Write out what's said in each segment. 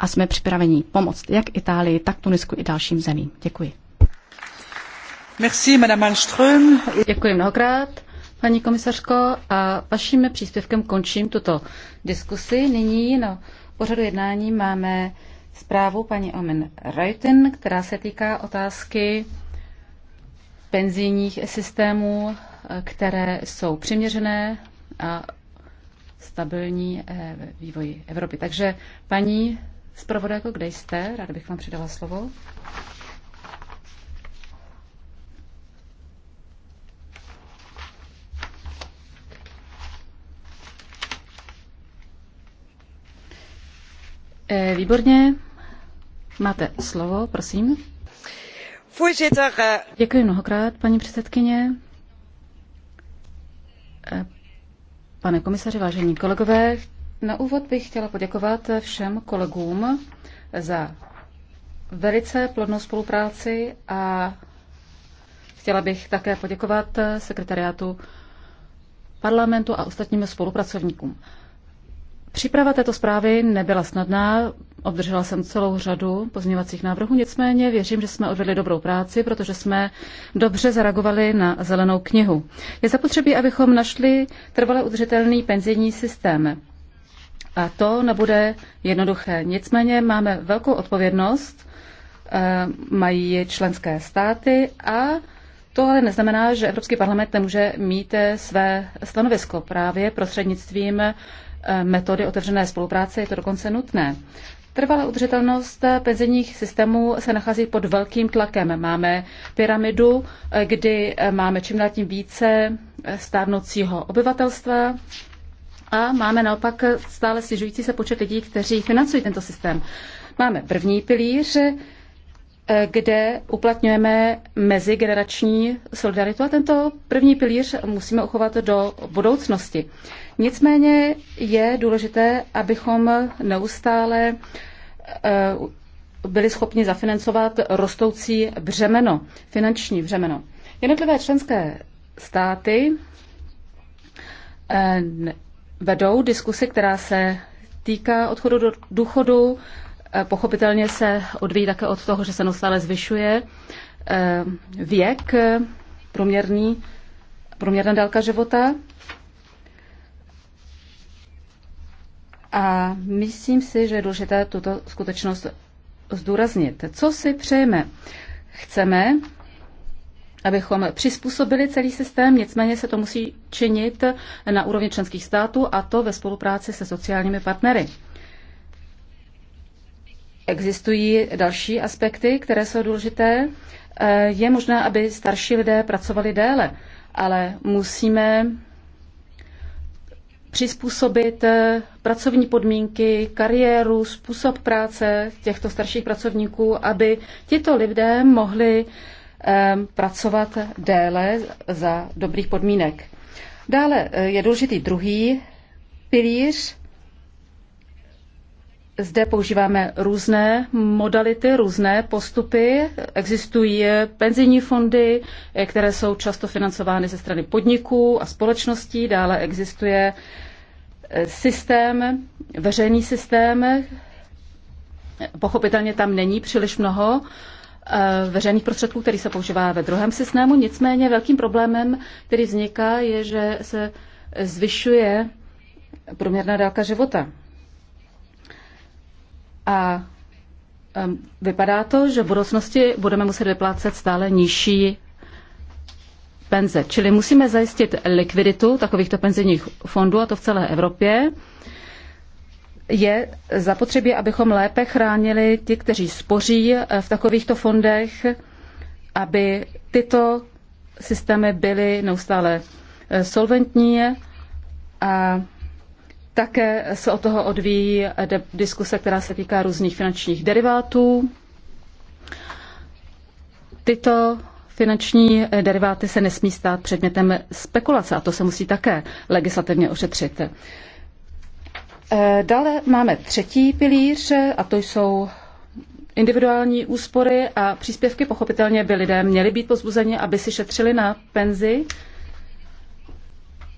a jsme připraveni pomoct jak Itálii, tak Tunisku i dalším zemím. Děkuji. Merci, Madame Malmström. Děkuji mnohokrát, paní komisařko, a vaším příspěvkem končím tuto diskusi. Nyní na pořadu jednání máme zprávu paní Omen Reuten, která se týká otázky penzijních systémů, které jsou přiměřené a stabilní eh, vývoji Evropy. Takže paní Zpravodajko, kde jste? Rád bych vám předala slovo. Eh, výborně. Máte slovo, prosím. Eh, Děkuji mnohokrát, paní předsedkyně. Eh, pane komisaři, vážení kolegové, na úvod bych chtěla poděkovat všem kolegům za velice plodnou spolupráci a chtěla bych také poděkovat sekretariátu parlamentu a ostatním spolupracovníkům. Příprava této zprávy nebyla snadná, obdržela jsem celou řadu pozměňovacích návrhů, nicméně věřím, že jsme odvedli dobrou práci, protože jsme dobře zareagovali na zelenou knihu. Je zapotřebí, abychom našli trvale udržitelný penzijní systém. A to nebude jednoduché. Nicméně máme velkou odpovědnost, eh, mají členské státy a to ale neznamená, že Evropský parlament nemůže mít eh, své stanovisko právě prostřednictvím eh, metody otevřené spolupráce. Je to dokonce nutné. Trvalá udržitelnost penzijních systémů se nachází pod velkým tlakem. Máme pyramidu, kdy máme čím dál tím více stárnoucího obyvatelstva, a máme naopak stále snižující se počet lidí, kteří financují tento systém. Máme první pilíř, eh, kde uplatňujeme mezigenerační solidaritu a tento první pilíř musíme uchovat do budoucnosti. Nicméně je důležité, abychom neustále eh, byli schopni zafinancovat rostoucí břemeno, finanční břemeno. Jednotlivé členské státy eh, vedou diskuse, která se týká odchodu do důchodu. Eh, pochopitelně se odvíjí také od toho, že se neustále zvyšuje eh, věk, průměrný, průměrná délka života. A myslím si, že je důležité tuto skutečnost zdůraznit. Co si přejeme? Chceme abychom přizpůsobili celý systém, nicméně se to musí činit na úrovni členských států a to ve spolupráci se sociálními partnery. Existují další aspekty, které jsou důležité. Je možné, aby starší lidé pracovali déle, ale musíme přizpůsobit pracovní podmínky, kariéru, způsob práce těchto starších pracovníků, aby tito lidé mohli Ehm, pracovat déle za dobrých podmínek. Dále eh, je důležitý druhý pilíř. Zde používáme různé modality, různé postupy. Existují penzijní fondy, eh, které jsou často financovány ze strany podniků a společností. Dále existuje eh, systém, veřejný systém. Pochopitelně tam není příliš mnoho Eh, veřejných prostředků, který se používá ve druhém systému. Nicméně velkým problémem, který vzniká, je, že se zvyšuje průměrná délka života. A vypadá to, že v budoucnosti budeme muset vyplácet stále nižší penze. Čili musíme zajistit likviditu takovýchto penzijních fondů, a to v celé Evropě je zapotřebí, abychom lépe chránili ti, kteří spoří eh, v takovýchto fondech, aby tyto systémy byly neustále eh, solventní a také se od toho odvíjí eh, diskuse, která se týká různých finančních derivátů. Tyto finanční deriváty se nesmí stát předmětem spekulace a to se musí také legislativně ošetřit. Eh, dále máme třetí pilíř a to jsou individuální úspory a příspěvky. Pochopitelně by lidé měli být pozbuzeni, aby si šetřili na penzi,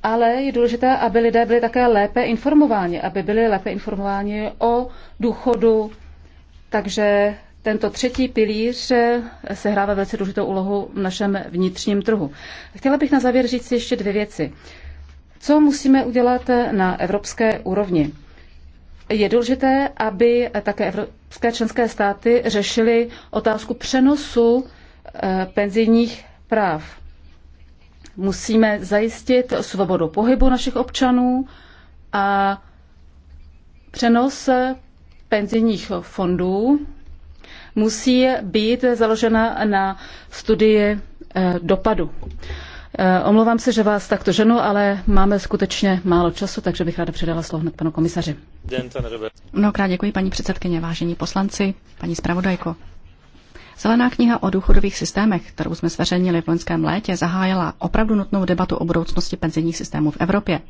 ale je důležité, aby lidé byli také lépe informováni, aby byli lépe informováni o důchodu. Takže tento třetí pilíř eh, sehrává velice důležitou úlohu v našem vnitřním trhu. Chtěla bych na závěr říct ještě dvě věci. Co musíme udělat eh, na evropské úrovni? je důležité, aby také evropské členské státy řešily otázku přenosu eh, penzijních práv. Musíme zajistit svobodu pohybu našich občanů a přenos penzijních fondů musí být založena na studii eh, dopadu. Eh, omlouvám se, že vás takto ženu, ale máme skutečně málo času, takže bych ráda předala slovo hned panu komisaři. Mnohokrát děkuji paní předsedkyně, vážení poslanci, paní zpravodajko. Zelená kniha o důchodových systémech, kterou jsme zveřejnili v loňském létě, zahájila opravdu nutnou debatu o budoucnosti penzijních systémů v Evropě.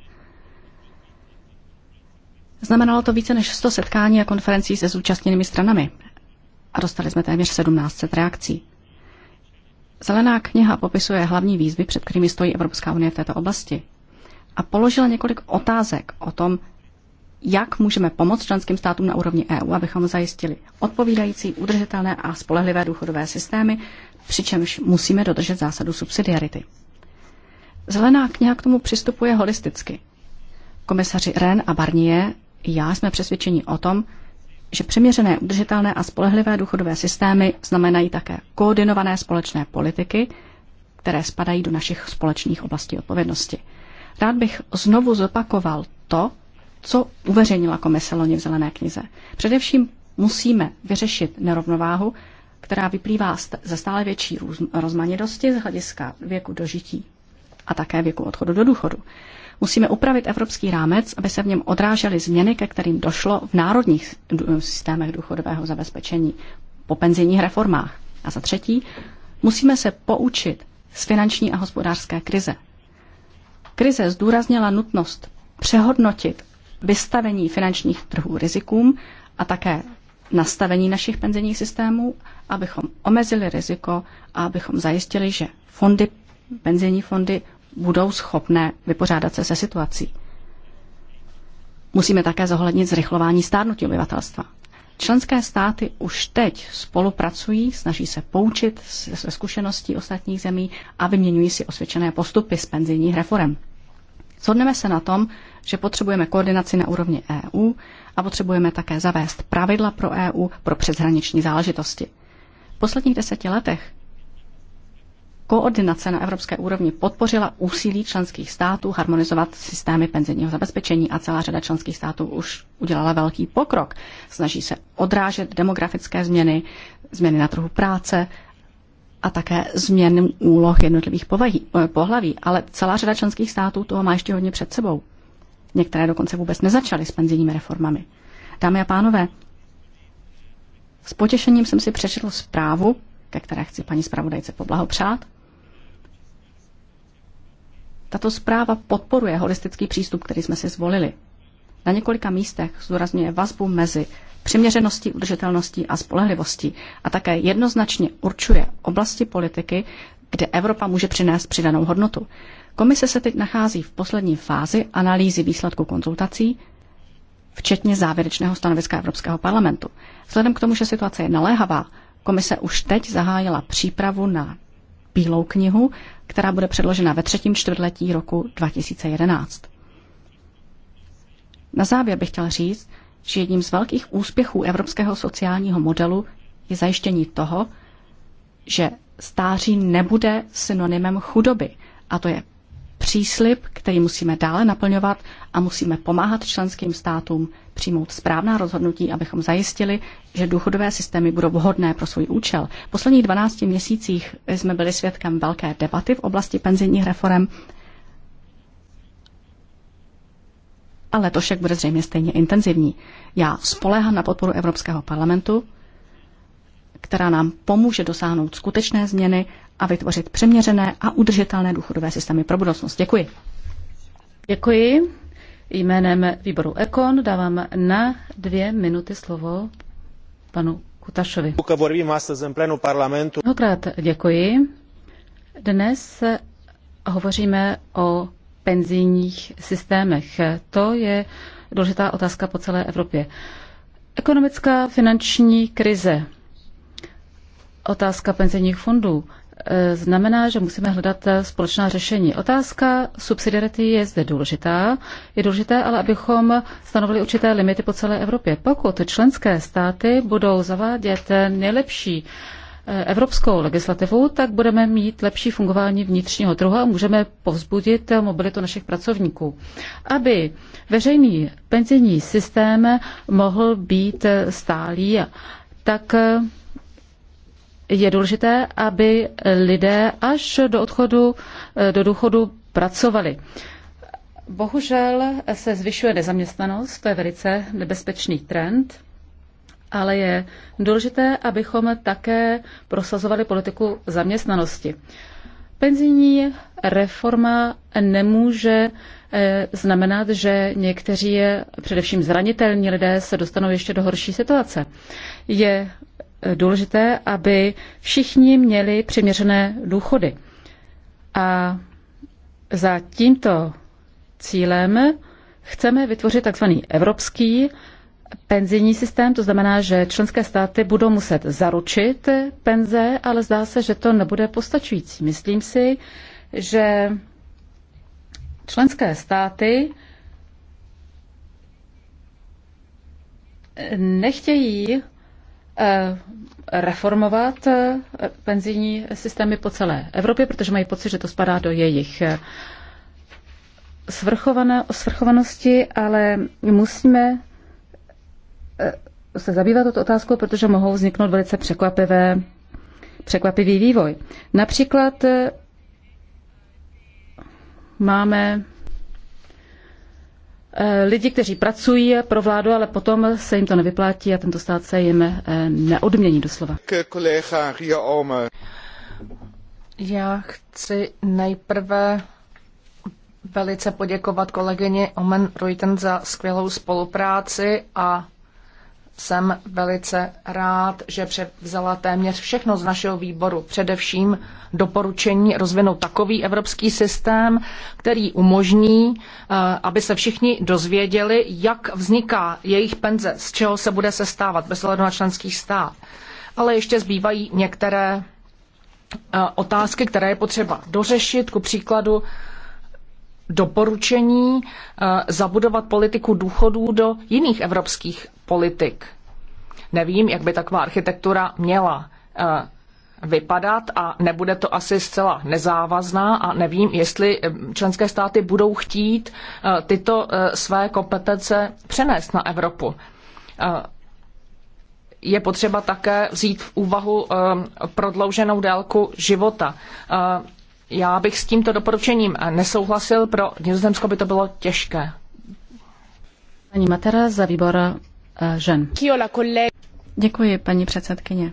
Znamenalo to více než 100 setkání a konferencí se zúčastněnými stranami a dostali jsme téměř 1700 reakcí. Zelená kniha popisuje hlavní výzvy, před kterými stojí Evropská unie v této oblasti. A položila několik otázek o tom, jak můžeme pomoct členským státům na úrovni EU, abychom zajistili odpovídající, udržitelné a spolehlivé důchodové systémy, přičemž musíme dodržet zásadu subsidiarity. Zelená kniha k tomu přistupuje holisticky. Komisaři Ren a Barnier i já jsme přesvědčeni o tom, že přiměřené, udržitelné a spolehlivé důchodové systémy znamenají také koordinované společné politiky, které spadají do našich společných oblastí odpovědnosti. Rád bych znovu zopakoval to, co uveřejnila komise loni v Zelené knize. Především musíme vyřešit nerovnováhu, která vyplývá ze stále větší rozmanitosti z hlediska věku dožití a také věku odchodu do důchodu. Musíme upravit evropský rámec, aby se v něm odrážely změny, ke kterým došlo v národních systémech důchodového zabezpečení po penzijních reformách. A za třetí, musíme se poučit z finanční a hospodářské krize. Krize zdůraznila nutnost přehodnotit vystavení finančních trhů rizikům a také nastavení našich penzijních systémů, abychom omezili riziko a abychom zajistili, že fondy, penzijní fondy budou schopné vypořádat se se situací. Musíme také zohlednit zrychlování stárnutí obyvatelstva. Členské státy už teď spolupracují, snaží se poučit ze zkušeností ostatních zemí a vyměňují si osvědčené postupy s penzijních reform. Shodneme se na tom, že potřebujeme koordinaci na úrovni EU a potřebujeme také zavést pravidla pro EU pro přeshraniční záležitosti. V posledních deseti letech koordinace na evropské úrovni podpořila úsilí členských států harmonizovat systémy penzijního zabezpečení a celá řada členských států už udělala velký pokrok. Snaží se odrážet demografické změny, změny na trhu práce a také změny úloh jednotlivých povahy, eh, pohlaví. Ale celá řada členských států toho má ještě hodně před sebou. Některé dokonce vůbec nezačaly s penzijními reformami. Dámy a pánové, s potěšením jsem si přečetl zprávu, ke které chci paní zpravodajce poblahopřát. Tato zpráva podporuje holistický přístup, který jsme si zvolili. Na několika místech zdůrazňuje vazbu mezi přiměřeností, udržitelností a spolehlivostí a také jednoznačně určuje oblasti politiky, kde Evropa může přinést přidanou hodnotu. Komise se teď nachází v poslední fázi analýzy výsledku konzultací, včetně závěrečného stanoviska Evropského parlamentu. Vzhledem k tomu, že situace je naléhavá, komise už teď zahájila přípravu na bílou knihu, která bude předložena ve třetím čtvrtletí roku 2011. Na závěr bych chtěl říct, že jedním z velkých úspěchů evropského sociálního modelu je zajištění toho, že stáří nebude synonymem chudoby. A to je příslip, který musíme dále naplňovat a musíme pomáhat členským státům přijmout správná rozhodnutí, abychom zajistili, že důchodové systémy budou vhodné pro svůj účel. V posledních 12 měsících jsme byli svědkem velké debaty v oblasti penzijních reform to však bude zřejmě stejně intenzivní. Já spolehám na podporu Evropského parlamentu, která nám pomůže dosáhnout skutečné změny a vytvořit přeměřené a udržitelné důchodové systémy pro budoucnost. Děkuji. Děkuji. Jménem výboru Ekon dávám na dvě minuty slovo panu Kutašovi. Mnohokrát děkuji. Dnes hovoříme o penzijních systémech. To je důležitá otázka po celé Evropě. Ekonomická finanční krize, otázka penzijních fondů, E, znamená, že musíme hledat společná řešení. Otázka subsidiarity je zde důležitá. Je důležité ale, abychom stanovili určité limity po celé Evropě. Pokud členské státy budou zavádět nejlepší e, evropskou legislativu, tak budeme mít lepší fungování vnitřního trhu a můžeme povzbudit mobilitu našich pracovníků. Aby veřejný penzijní systém mohl být stálý, tak je důležité, aby lidé až do odchodu, eh, do důchodu pracovali. Bohužel se zvyšuje nezaměstnanost, to je velice nebezpečný trend, ale je důležité, abychom také prosazovali politiku zaměstnanosti. Penzijní reforma nemůže eh, znamenat, že někteří, především zranitelní lidé, se dostanou ještě do horší situace. Je důležité, aby všichni měli přiměřené důchody. A za tímto cílem chceme vytvořit tzv. evropský penzijní systém, to znamená, že členské státy budou muset zaručit penze, ale zdá se, že to nebude postačující. Myslím si, že členské státy nechtějí Eh, reformovat eh, penzijní systémy po celé Evropě, protože mají pocit, že to spadá do jejich eh, svrchovanosti, ale musíme se zabývat toto otázkou, protože mohou vzniknout velice překvapivé, překvapivý vývoj. Například máme Eh, lidi, kteří pracují pro vládu, ale potom se jim to nevyplatí a tento stát se jim eh, neodmění doslova. Já chci nejprve velice poděkovat kolegyni Omen Reuten za skvělou spolupráci a jsem velice rád, že převzala téměř všechno z našeho výboru, především doporučení rozvinout takový evropský systém, který umožní, eh, aby se všichni dozvěděli, jak vzniká jejich penze, z čeho se bude sestávat bez ohledu na členský stát. Ale ještě zbývají některé eh, otázky, které je potřeba dořešit, ku příkladu doporučení eh, zabudovat politiku důchodů do jiných evropských politik. Nevím, jak by taková architektura měla eh, vypadat a nebude to asi zcela nezávazná a nevím, jestli eh, členské státy budou chtít eh, tyto své kompetence přenést na Evropu. Je potřeba také vzít v úvahu prodlouženou délku života. Já bych s tímto doporučením nesouhlasil, pro Nizozemsko by to bylo těžké. Pani Matera za výbor Eh, žen. Děkuji, paní předsedkyně.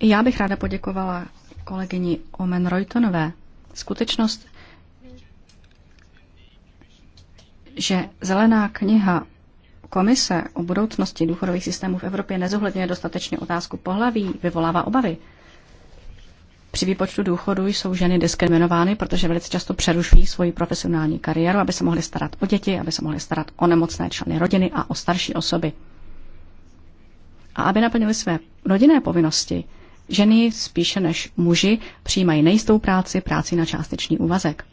Já bych ráda poděkovala kolegyni Omen Reutonové. Skutečnost, že zelená kniha Komise o budoucnosti důchodových systémů v Evropě nezohledňuje dostatečně otázku pohlaví, vyvolává obavy při výpočtu důchodu jsou ženy diskriminovány, protože velice často přerušují svoji profesionální kariéru, aby se mohly starat o děti, aby se mohly starat o nemocné členy rodiny a o starší osoby. A aby naplnili své rodinné povinnosti, ženy spíše než muži přijímají nejistou práci, práci na částečný úvazek.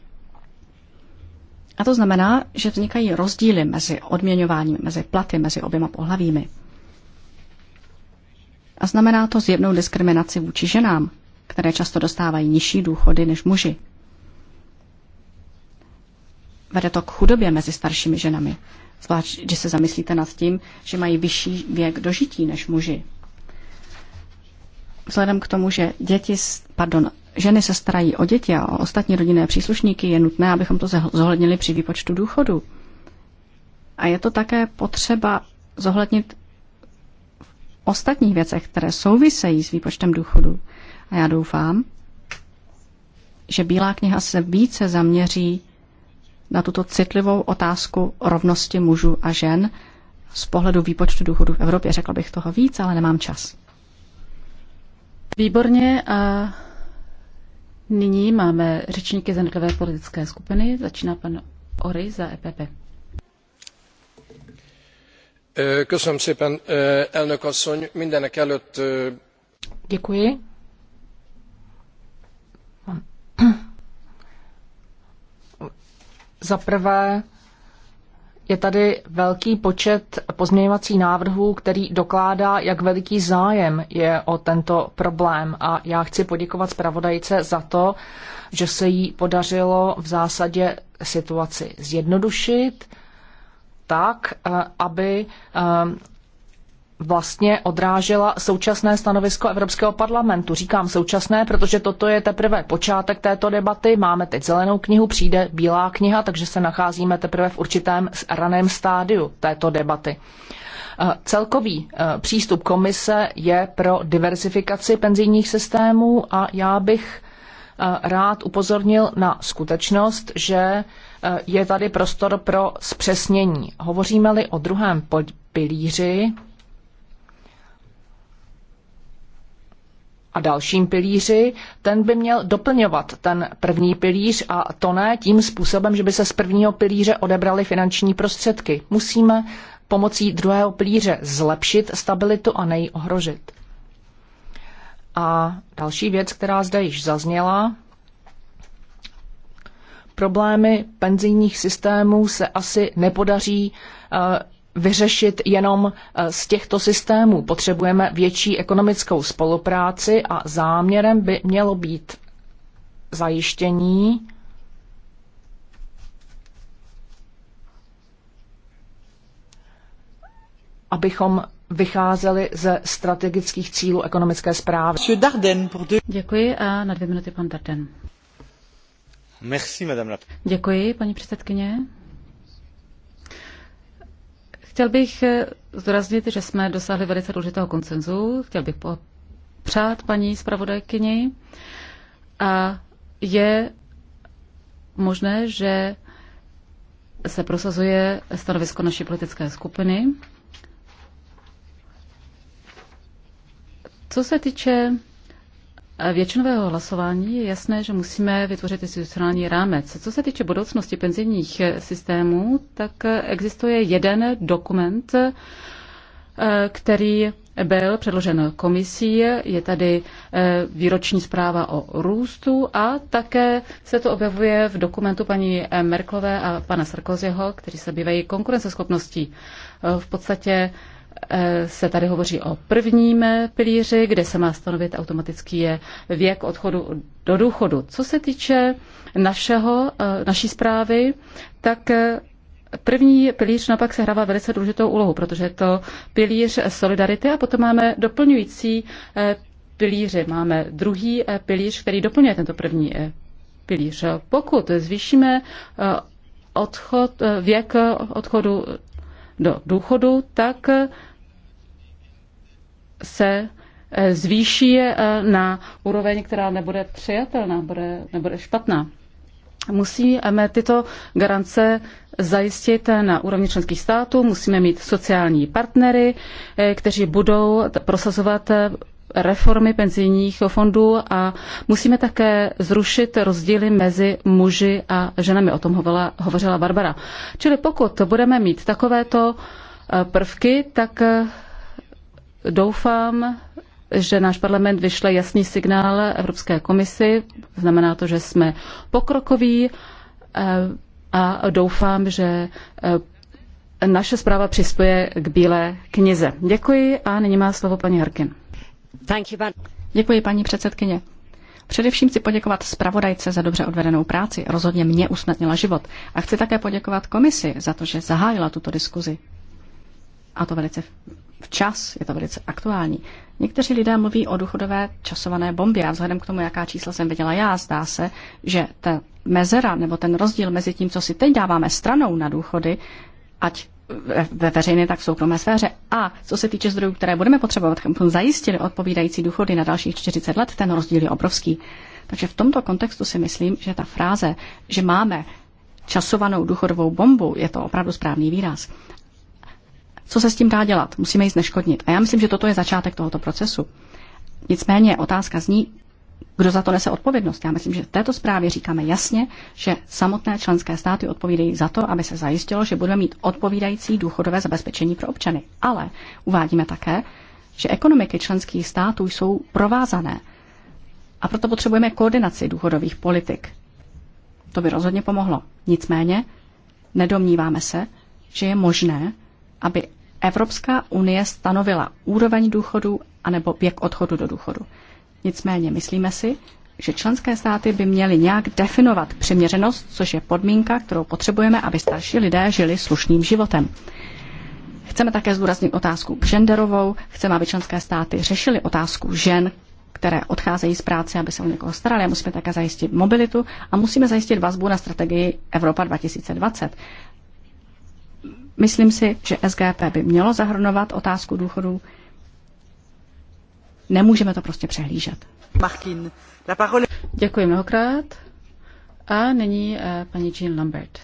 A to znamená, že vznikají rozdíly mezi odměňováním, mezi platy, mezi oběma pohlavími. A znamená to zjevnou diskriminaci vůči ženám, které často dostávají nižší důchody než muži. Vede to k chudobě mezi staršími ženami, zvlášť když se zamyslíte nad tím, že mají vyšší věk dožití než muži. Vzhledem k tomu, že děti, pardon, ženy se starají o děti a o ostatní rodinné příslušníky, je nutné, abychom to zohlednili při výpočtu důchodu. A je to také potřeba zohlednit v ostatních věcech, které souvisejí s výpočtem důchodu. A já doufám, že Bílá kniha se více zaměří na tuto citlivou otázku rovnosti mužů a žen z pohledu výpočtu důchodu v Evropě. Řekl bych toho víc, ale nemám čas. Výborně a nyní máme řečníky z politické skupiny. Začíná pan Ory za EPP. Köszönöm szépen, elnök Mindenek előtt... Děkuji, Za prvé, je tady velký počet pozměňovacích návrhů, který dokládá, jak veliký zájem je o tento problém. A já chci poděkovat zpravodajce za to, že se jí podařilo v zásadě situaci zjednodušit tak, eh, aby eh, vlastně odrážela současné stanovisko Evropského parlamentu. Říkám současné, protože toto je teprve počátek této debaty. Máme teď zelenou knihu, přijde bílá kniha, takže se nacházíme teprve v určitém raném stádiu této debaty. Eh, celkový eh, přístup komise je pro diversifikaci penzijních systémů a já bych eh, rád upozornil na skutečnost, že je tady prostor pro zpřesnění. Hovoříme-li o druhém pilíři, a dalším pilíři, ten by měl doplňovat ten první pilíř a to ne tím způsobem, že by se z prvního pilíře odebraly finanční prostředky. Musíme pomocí druhého pilíře zlepšit stabilitu a nejohrožit. A další věc, která zde již zazněla, problémy penzijních systémů se asi nepodaří eh, vyřešit jenom eh, z těchto systémů. Potřebujeme větší ekonomickou spolupráci a záměrem by mělo být zajištění abychom vycházeli ze strategických cílů ekonomické zprávy. Děkuji a na dvě minuty pan Darden. Děkuji, paní předsedkyně. Chtěl bych eh, zdůraznit, že jsme dosáhli velice důležitého koncenzu. Chtěl bych popřát paní zpravodajkyni. A je možné, že se prosazuje stanovisko naší politické skupiny. Co se týče většinového hlasování je jasné, že musíme vytvořit institucionální rámec. Co se týče budoucnosti penzijních systémů, tak existuje jeden dokument, eh, který byl předložen komisí, je tady eh, výroční zpráva o růstu a také se to objevuje v dokumentu paní Merklové a pana Sarkozyho, kteří se bývají konkurenceschopností. Eh, v podstatě Eh, se tady hovoří o prvním pilíři, kde se má stanovit automatický věk odchodu do důchodu. Co se týče našeho, eh, naší zprávy, tak eh, První pilíř naopak se hrává velice důležitou úlohu, protože je to pilíř solidarity a potom máme doplňující pilíře. Máme druhý pilíř, který doplňuje tento první pilíř. Pokud zvýšíme odchod, věk odchodu do důchodu, tak se eh, zvýší eh, na úroveň, která nebude přijatelná, bude, nebude špatná. Musíme tyto garance zajistit na úrovni členských států, musíme mít sociální partnery, eh, kteří budou prosazovat reformy penzijních fondů a musíme také zrušit rozdíly mezi muži a ženami. O tom hovala, hovořila Barbara. Čili pokud budeme mít takovéto prvky, tak Doufám, že náš parlament vyšle jasný signál Evropské komisi. Znamená to, že jsme pokrokoví eh, a doufám, že eh, naše zpráva přispěje k Bílé knize. Děkuji a nyní má slovo paní Harkin. Děkuji, paní předsedkyně. Především chci poděkovat zpravodajce za dobře odvedenou práci, rozhodně mě usnadnila život. A chci také poděkovat komisi za to, že zahájila tuto diskuzi. A to velice včas, je to velice aktuální. Někteří lidé mluví o důchodové časované bombě a vzhledem k tomu, jaká čísla jsem viděla já, zdá se, že ta mezera nebo ten rozdíl mezi tím, co si teď dáváme stranou na důchody, ať ve veřejné, tak v soukromé sféře. A co se týče zdrojů, které budeme potřebovat, abychom zajistili odpovídající důchody na dalších 40 let, ten rozdíl je obrovský. Takže v tomto kontextu si myslím, že ta fráze, že máme časovanou důchodovou bombu, je to opravdu správný výraz. Co se s tím dá dělat? Musíme ji zneškodnit. A já myslím, že toto je začátek tohoto procesu. Nicméně otázka zní, kdo za to nese odpovědnost. Já myslím, že v této zprávě říkáme jasně, že samotné členské státy odpovídají za to, aby se zajistilo, že budeme mít odpovídající důchodové zabezpečení pro občany. Ale uvádíme také, že ekonomiky členských států jsou provázané. A proto potřebujeme koordinaci důchodových politik. To by rozhodně pomohlo. Nicméně nedomníváme se, že je možné, aby Evropská unie stanovila úroveň důchodu anebo věk odchodu do důchodu. Nicméně myslíme si, že členské státy by měly nějak definovat přiměřenost, což je podmínka, kterou potřebujeme, aby starší lidé žili slušným životem. Chceme také zdůraznit otázku genderovou, chceme, aby členské státy řešily otázku žen, které odcházejí z práce, aby se o někoho starali. Musíme také zajistit mobilitu a musíme zajistit vazbu na strategii Evropa 2020. Myslím si, že SGP by mělo zahrnovat otázku důchodů. Nemůžeme to prostě přehlížet. Martin, la parole... Děkuji mnohokrát. A nyní eh, paní Jean Lambert.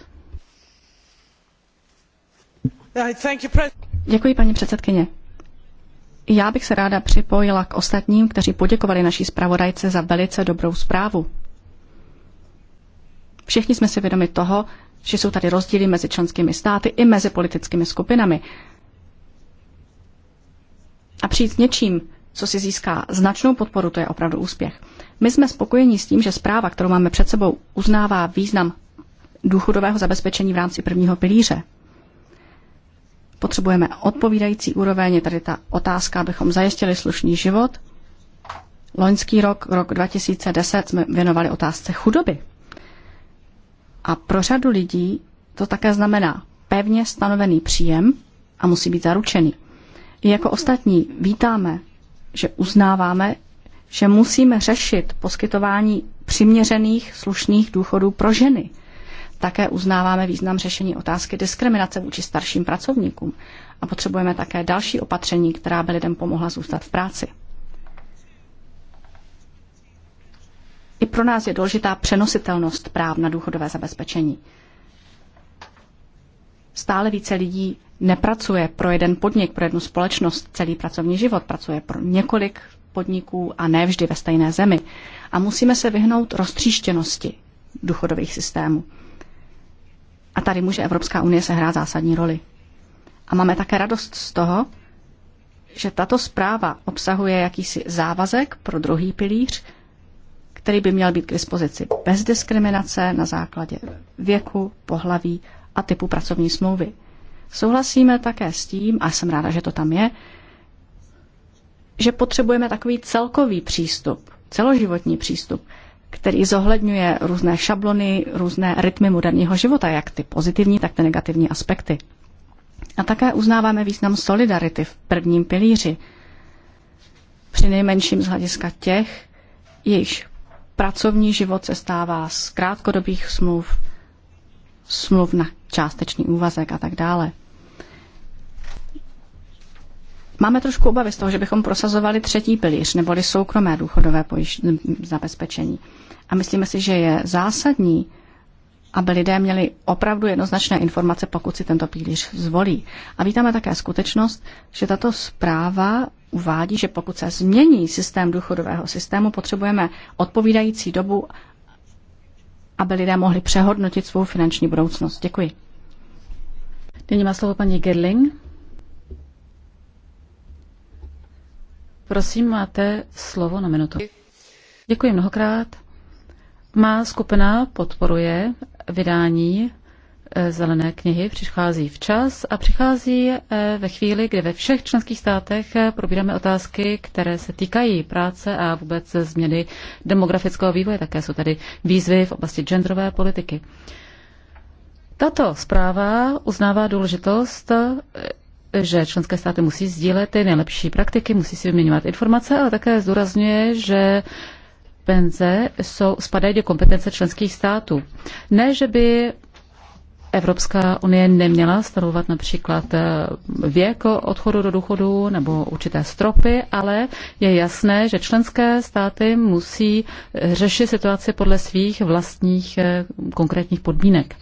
Děkuji, paní předsedkyně. Já bych se ráda připojila k ostatním, kteří poděkovali naší zpravodajce za velice dobrou zprávu. Všichni jsme si vědomi toho, že jsou tady rozdíly mezi členskými státy i mezi politickými skupinami. A přijít s něčím, co si získá značnou podporu, to je opravdu úspěch. My jsme spokojeni s tím, že zpráva, kterou máme před sebou, uznává význam důchodového zabezpečení v rámci prvního pilíře. Potřebujeme odpovídající úroveň, je tady ta otázka, abychom zajistili slušný život. Loňský rok, rok 2010, jsme věnovali otázce chudoby. A pro řadu lidí to také znamená pevně stanovený příjem a musí být zaručený. I jako ostatní vítáme, že uznáváme, že musíme řešit poskytování přiměřených slušných důchodů pro ženy. Také uznáváme význam řešení otázky diskriminace vůči starším pracovníkům a potřebujeme také další opatření, která by lidem pomohla zůstat v práci. I pro nás je důležitá přenositelnost práv na důchodové zabezpečení. Stále více lidí nepracuje pro jeden podnik, pro jednu společnost celý pracovní život, pracuje pro několik podniků a ne vždy ve stejné zemi. A musíme se vyhnout roztříštěnosti důchodových systémů. A tady může Evropská unie sehrát zásadní roli. A máme také radost z toho, že tato zpráva obsahuje jakýsi závazek pro druhý pilíř – který by měl být k dispozici bez diskriminace na základě věku, pohlaví a typu pracovní smlouvy. Souhlasíme také s tím, a jsem ráda, že to tam je, že potřebujeme takový celkový přístup, celoživotní přístup, který zohledňuje různé šablony, různé rytmy moderního života, jak ty pozitivní, tak ty negativní aspekty. A také uznáváme význam solidarity v prvním pilíři, při nejmenším z hlediska těch, jejichž pracovní život se stává z krátkodobých smluv, smluv na částečný úvazek a tak dále. Máme trošku obavy z toho, že bychom prosazovali třetí pilíř neboli soukromé důchodové pojiš- zabezpečení. A myslíme si, že je zásadní, aby lidé měli opravdu jednoznačné informace, pokud si tento pilíř zvolí. A vítáme také skutečnost, že tato zpráva uvádí, že pokud se změní systém důchodového systému, potřebujeme odpovídající dobu, aby lidé mohli přehodnotit svou finanční budoucnost. Děkuji. Nyní má slovo paní Gerling. Prosím, máte slovo na minutu. Děkuji mnohokrát. Má skupina podporuje vydání Eh, zelené knihy přichází včas a přichází eh, ve chvíli, kdy ve všech členských státech eh, probíráme otázky, které se týkají práce a vůbec změny demografického vývoje. Také jsou tady výzvy v oblasti genderové politiky. Tato zpráva uznává důležitost že členské státy musí sdílet ty nejlepší praktiky, musí si vyměňovat informace, ale také zdůrazňuje, že penze jsou, spadají do kompetence členských států. Ne, že by Evropská unie neměla stanovovat například eh, věk odchodu do důchodu nebo určité stropy, ale je jasné, že členské státy musí řešit situaci podle svých vlastních eh, konkrétních podmínek.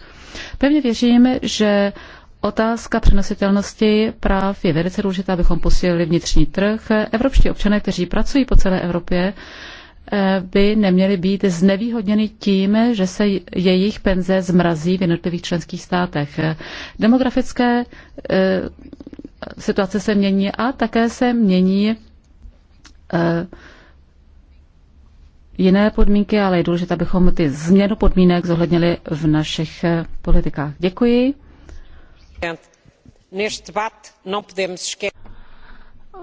Pevně věřím, že Otázka přenositelnosti práv je velice důležitá, abychom posílili vnitřní trh. Evropští občané, kteří pracují po celé Evropě, Eh, by neměly být znevýhodněny tím, že se jejich penze zmrazí v jednotlivých členských státech. Demografické eh, situace se mění a také se mění eh, jiné podmínky, ale je důležité, abychom ty změnu podmínek zohlednili v našich politikách. Děkuji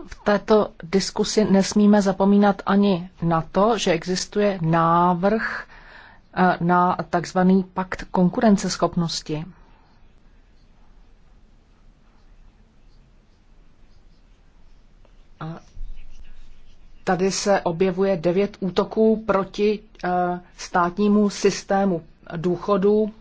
v této diskusi nesmíme zapomínat ani na to, že existuje návrh eh, na takzvaný pakt konkurenceschopnosti. A tady se objevuje devět útoků proti eh, státnímu systému důchodů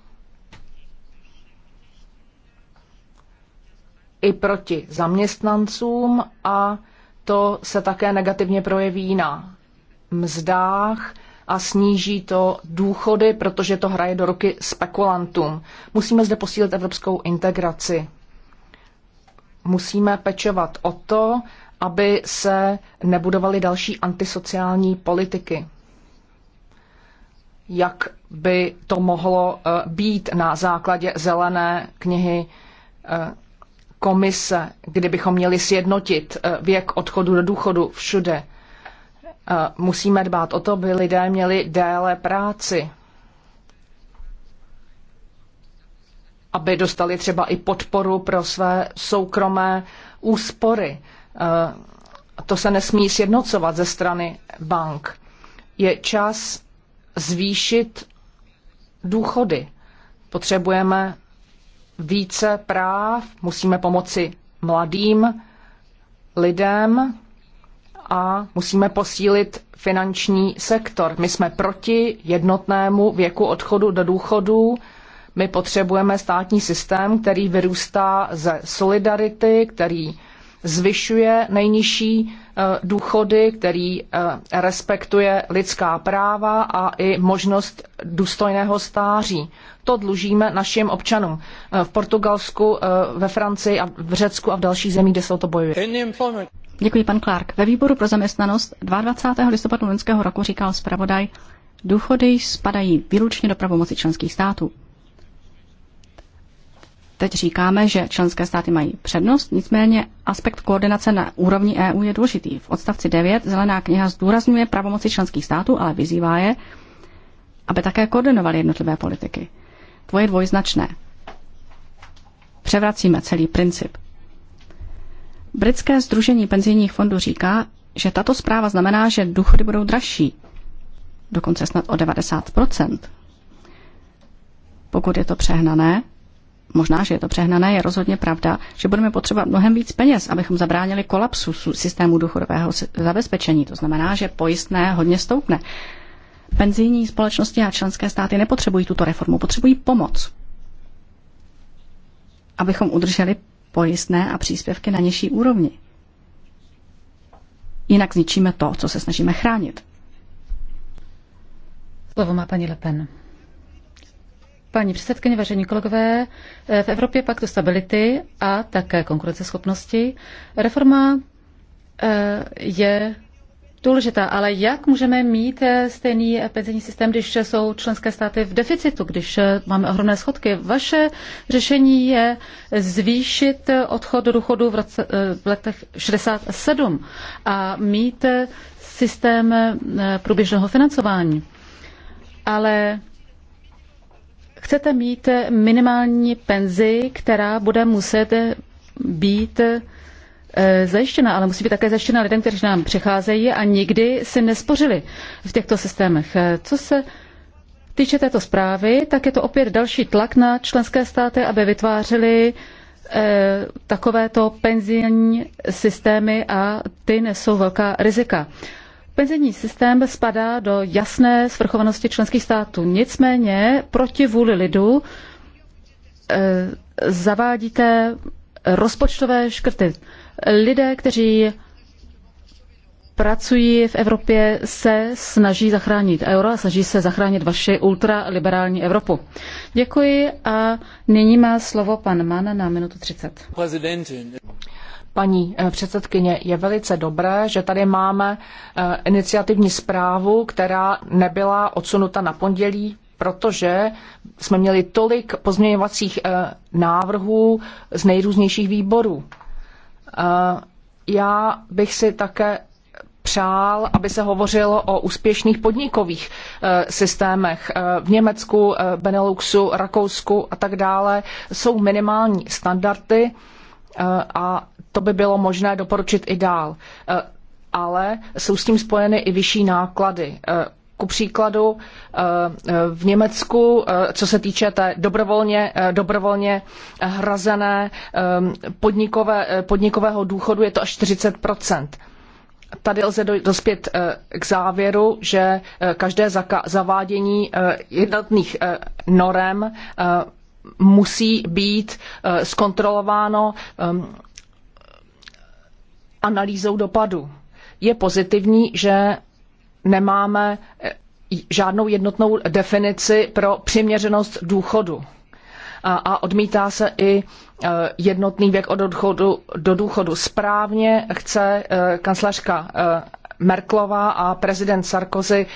i proti zaměstnancům a to se také negativně projeví na mzdách a sníží to důchody, protože to hraje do ruky spekulantům. Musíme zde posílit evropskou integraci. Musíme pečovat o to, aby se nebudovaly další antisociální politiky. Jak by to mohlo eh, být na základě zelené knihy eh, komise, kdybychom měli sjednotit eh, věk odchodu do důchodu všude. Eh, musíme dbát o to, aby lidé měli déle práci, aby dostali třeba i podporu pro své soukromé úspory. Eh, to se nesmí sjednocovat ze strany bank. Je čas zvýšit důchody. Potřebujeme více práv, musíme pomoci mladým lidem a musíme posílit finanční sektor. My jsme proti jednotnému věku odchodu do důchodu. My potřebujeme státní systém, který vyrůstá ze solidarity, který zvyšuje nejnižší eh, důchody, který eh, respektuje lidská práva a i možnost důstojného stáří. To dlužíme našim občanům eh, v Portugalsku, ve Francii a v Řecku a v dalších zemích, kde se o to bojuje. Děkuji, pan Clark. Ve výboru pro zaměstnanost 22. listopadu loňského roku říkal zpravodaj, důchody spadají výlučně do pravomoci členských států. Teď říkáme, že členské státy mají přednost, nicméně aspekt koordinace na úrovni EU je důležitý. V odstavci 9 Zelená kniha zdůrazňuje pravomoci členských států, ale vyzývá je, aby také koordinovali jednotlivé politiky. To je dvojznačné. Převracíme celý princip. Britské združení penzijních fondů říká, že tato zpráva znamená, že důchody budou dražší, dokonce snad o 90 pokud je to přehnané, možná, že je to přehnané, je rozhodně pravda, že budeme potřebovat mnohem víc peněz, abychom zabránili kolapsu systému důchodového zabezpečení. To znamená, že pojistné hodně stoupne. Penzijní společnosti a členské státy nepotřebují tuto reformu, potřebují pomoc, abychom udrželi pojistné a příspěvky na nižší úrovni. Jinak zničíme to, co se snažíme chránit. Slovo má paní Le Pen. Paní předsedkyně, vážení kolegové, eh, v Evropě paktu stability a také konkurenceschopnosti reforma eh, je důležitá, ale jak můžeme mít eh, stejný penzijní systém, když jsou členské státy v deficitu, když máme ohromné schodky? Vaše řešení je zvýšit odchod do důchodu v, roce, v letech 67 a mít systém průběžného financování. Ale chcete mít minimální penzi, která bude muset být eh, zajištěna, ale musí být také zajištěna lidem, kteří nám přicházejí a nikdy si nespořili v těchto systémech. Eh, co se týče této zprávy, tak je to opět další tlak na členské státy, aby vytvářely eh, takovéto penzijní systémy a ty nesou velká rizika. Penzijní systém spadá do jasné svrchovanosti členských států. Nicméně proti vůli lidu eh, zavádíte rozpočtové škrty. Lidé, kteří pracují v Evropě, se snaží zachránit euro a snaží se zachránit vaši ultraliberální Evropu. Děkuji a nyní má slovo pan Mann na minutu 30 paní eh, předsedkyně, je velice dobré, že tady máme eh, iniciativní zprávu, která nebyla odsunuta na pondělí, protože jsme měli tolik pozměňovacích eh, návrhů z nejrůznějších výborů. Já bych si také přál, aby se hovořilo o úspěšných podnikových systémech v Německu, Beneluxu, Rakousku a tak dále. Jsou minimální standardy a to by bylo možné doporučit i dál. E, ale jsou s tím spojeny i vyšší náklady. E, ku příkladu e, v Německu, co se týče té dobrovolně, dobrovolně hrazené podnikové, podnikového důchodu, je to až 40 Tady lze dospět k závěru, že každé zavádění jednotných norem musí být zkontrolováno analýzou dopadu. Je pozitivní, že nemáme eh, žádnou jednotnou definici pro přiměřenost důchodu. A, a odmítá se i eh, jednotný věk od odchodu do důchodu. Správně chce eh, kancelářka Merklová a prezident Sarkozy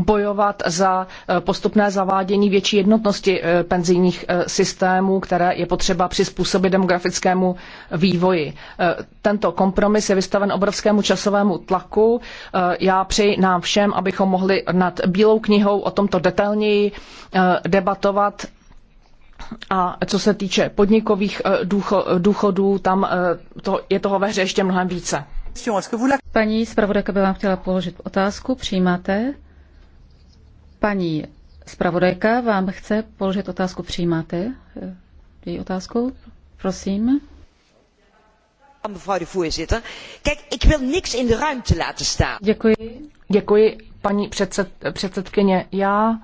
bojovat za eh, postupné zavádění větší jednotnosti eh, penzijních eh, systémů, které je potřeba přizpůsobit demografickému vývoji. Tento kompromis je vystaven obrovskému časovému tlaku. Já přeji nám všem, abychom mohli nad Bílou knihou o tomto detailněji debatovat a co se týče podnikových důchodů, tam to, je toho ve hře ještě mnohem více. Paní zpravodajka by vám chtěla položit otázku. Přijímáte? Paní zpravodajka vám chce položit otázku. Přijímáte eh, její otázku? Prosím. Děkuji. Děkuji, paní předsed, předsedkyně. Já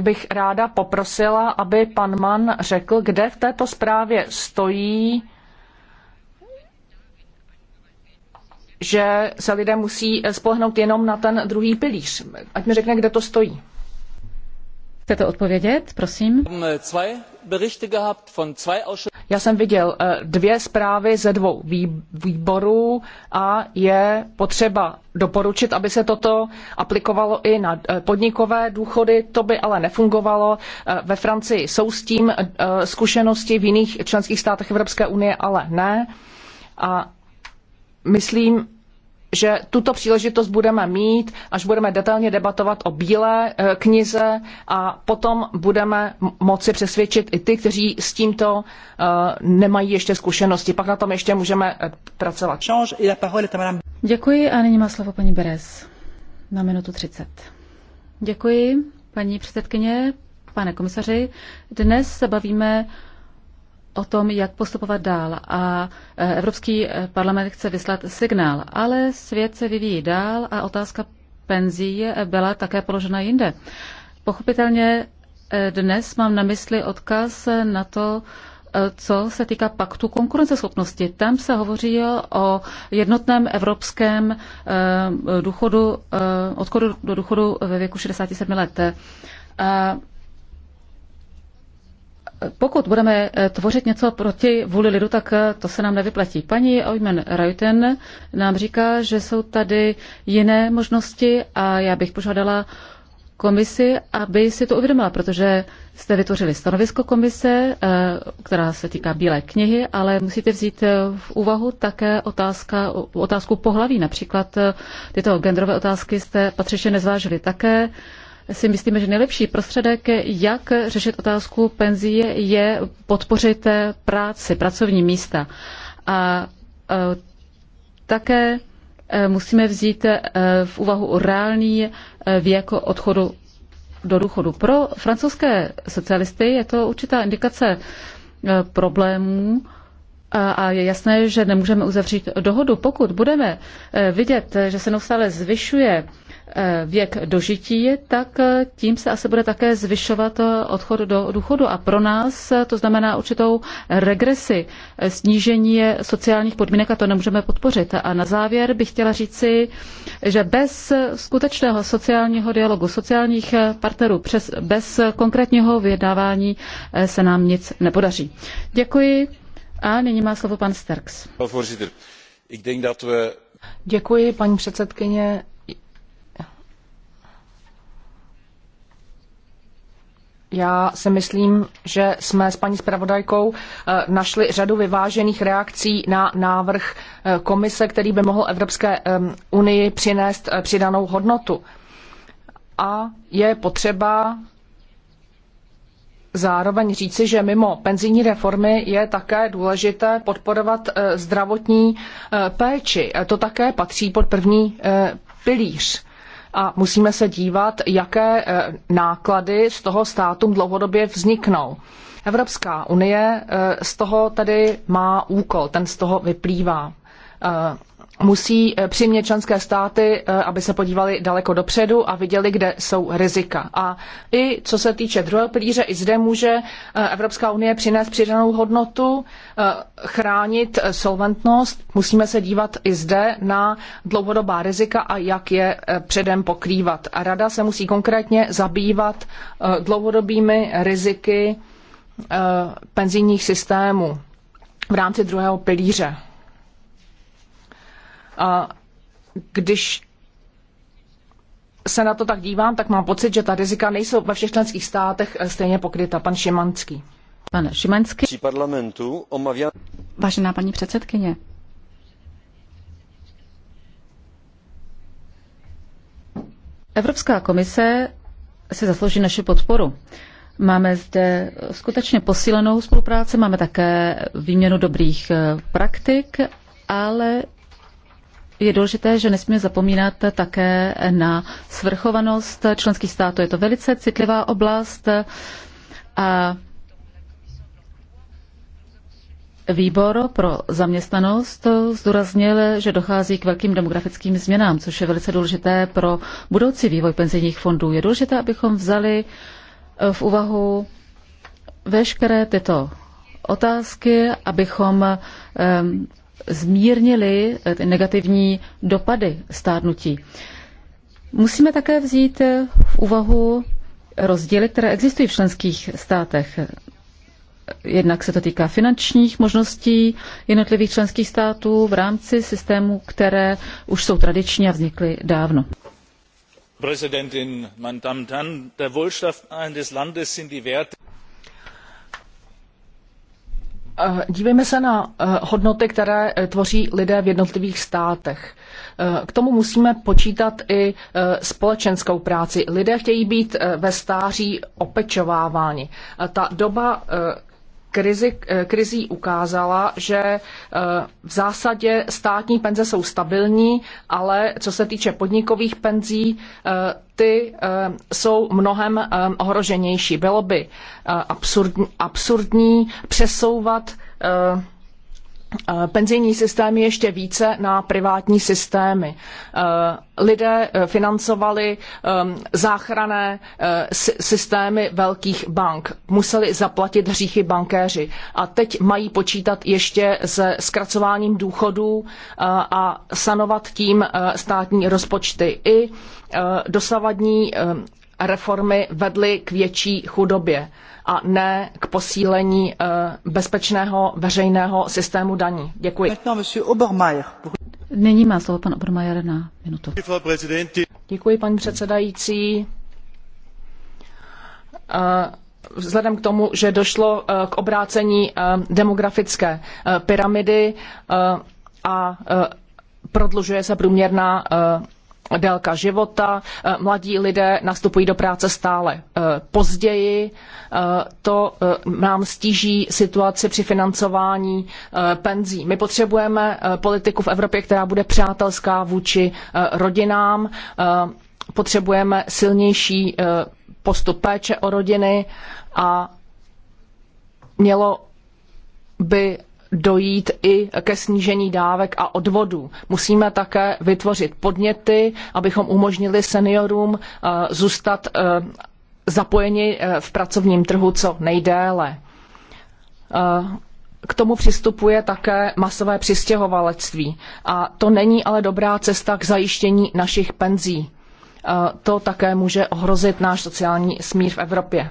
bych ráda poprosila, aby pan Mann řekl, kde v této zprávě stojí že se lidé musí spolehnout jenom na ten druhý pilíř. Ať mi řekne, kde to stojí. Chcete odpovědět, prosím? Eh, Já jsem viděl eh, dvě zprávy ze dvou výborů a je potřeba doporučit, aby se toto aplikovalo i na eh, podnikové důchody. To by ale nefungovalo. Ve Francii jsou s tím zkušenosti, v jiných členských státech Evropské unie ale ne. A myslím, že tuto příležitost budeme mít, až budeme detailně debatovat o bílé eh, knize a potom budeme moci přesvědčit i ty, kteří s tímto eh, nemají ještě zkušenosti. Pak na tom ještě můžeme eh, pracovat. Děkuji a nyní má slovo paní Beres na minutu 30. Děkuji, paní předsedkyně, pane komisaři. Dnes se bavíme o tom, jak postupovat dál. A e, Evropský e, parlament chce vyslat signál, ale svět se vyvíjí dál a otázka penzí byla také položena jinde. Pochopitelně e, dnes mám na mysli odkaz na to, co se týká paktu konkurenceschopnosti. Tam se hovoří o jednotném evropském důchodu, odchodu do důchodu ve věku 67 let. A pokud budeme eh, tvořit něco proti vůli lidu, tak eh, to se nám nevyplatí. Paní Oymen Reuten nám říká, že jsou tady jiné možnosti a já bych požádala komisi, aby si to uvědomila, protože jste vytvořili stanovisko komise, eh, která se týká Bílé knihy, ale musíte vzít v úvahu také otázka, otázku pohlaví. Například tyto genderové otázky jste patřičně nezvážili také si myslíme, že nejlepší prostředek, jak řešit otázku penzí, je podpořit práci, pracovní místa. A e, také e, musíme vzít e, v úvahu reálný věk odchodu do důchodu. Pro francouzské socialisty je to určitá indikace problémů a je jasné, že nemůžeme uzavřít dohodu. Pokud budeme vidět, že se neustále zvyšuje Eh, věk dožití, tak eh, tím se asi bude také zvyšovat eh, odchod do důchodu. A pro nás to znamená určitou regresi, snížení sociálních podmínek a to nemůžeme podpořit. A na závěr bych chtěla říci, že bez skutečného sociálního dialogu, sociálních partnerů, přes, bez konkrétního vyjednávání se nám nic nepodaří. Děkuji. A nyní má slovo pan Sterks. Děkuji, paní předsedkyně. Já si myslím, že jsme s paní zpravodajkou eh, našli řadu vyvážených reakcí na návrh eh, komise, který by mohl Evropské ehm, unii přinést eh, přidanou hodnotu. A je potřeba zároveň říci, že mimo penzijní reformy je také důležité podporovat zdravotní péči. To také patří pod první pilíř a musíme se dívat, jaké eh, náklady z toho státům dlouhodobě vzniknou. Evropská unie eh, z toho tedy má úkol, ten z toho vyplývá. Eh, musí eh, přimět členské státy, eh, aby se podívali daleko dopředu a viděli, kde jsou rizika. A i co se týče druhého pilíře, i zde může eh, Evropská unie přinést přidanou hodnotu, chránit solventnost. Musíme se dívat i zde na dlouhodobá rizika a jak je předem pokrývat. A rada se musí konkrétně zabývat dlouhodobými riziky penzijních systémů v rámci druhého pilíře. A když se na to tak dívám, tak mám pocit, že ta rizika nejsou ve všech členských státech eh, stejně pokryta. Pan Šimanský. Pan Šimanský. Parlamentu omavě... Vážená paní předsedkyně. Evropská komise se zaslouží naši podporu. Máme zde skutečně posílenou spolupráci, máme také výměnu dobrých eh, praktik, ale je důležité, že nesmíme zapomínat také na svrchovanost členských států. Je to velice citlivá oblast a Výbor pro zaměstnanost zdůraznil, že dochází k velkým demografickým změnám, což je velice důležité pro budoucí vývoj penzijních fondů. Je důležité, abychom vzali v úvahu veškeré tyto otázky, abychom zmírnili eh, ty negativní dopady stárnutí. Musíme také vzít eh, v úvahu rozdíly, které existují v členských státech. Jednak se to týká finančních možností jednotlivých členských států v rámci systémů, které už jsou tradiční a vznikly dávno. Präsidentin, meine Damen und Herren, der Wohlstand eines Landes sind die Werte. Eh, dívejme se na eh, hodnoty, které eh, tvoří lidé v jednotlivých státech. K tomu musíme počítat i společenskou práci. Lidé chtějí být ve stáří opečováváni. Ta doba krizi, eh, krizí ukázala, že eh, v zásadě státní penze jsou stabilní, ale co se týče podnikových penzí, eh, ty jsou mnohem ohroženější. Bylo by absurdní, absurdní přesouvat Eh, penzijní systémy ještě více na privátní systémy. Eh, lidé eh, financovali záchrané systémy velkých bank, museli zaplatit hříchy bankéři a teď mají počítat ještě se zkracováním důchodů a sanovat tím státní rozpočty. I dosavadní reformy vedly k větší chudobě a ne k posílení eh, bezpečného veřejného systému daní. Děkuji. Nyní má slovo pan Obermajer na minutu. Děkuji, paní předsedající. Eh, vzhledem k tomu, že došlo eh, k obrácení demografické pyramidy a prodlužuje se průměrná délka života, eh, mladí lidé nastupují do práce stále eh, později, eh, to nám stíží situaci při financování penzí. My potřebujeme politiku v Evropě, která bude přátelská vůči rodinám, potřebujeme silnější postup péče o rodiny a mělo by dojít i ke snížení dávek a odvodů. Musíme také vytvořit podněty, abychom umožnili seniorům eh, zůstat eh, zapojeni eh, v pracovním trhu co nejdéle. K tomu přistupuje také masové přistěhovalectví. A to není ale dobrá cesta k zajištění našich penzí. To také může ohrozit náš sociální smír v Evropě.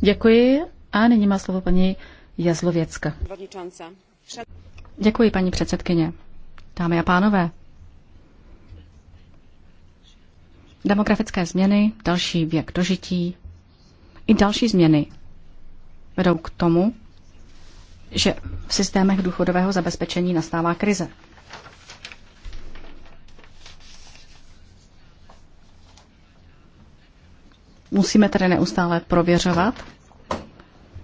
Děkuji. A nyní má slovo paní Jazlověcka. Děkuji, paní předsedkyně. Dámy a pánové, demografické změny, další věk dožití i další změny vedou k tomu, že v systémech důchodového zabezpečení nastává krize. Musíme tedy neustále prověřovat,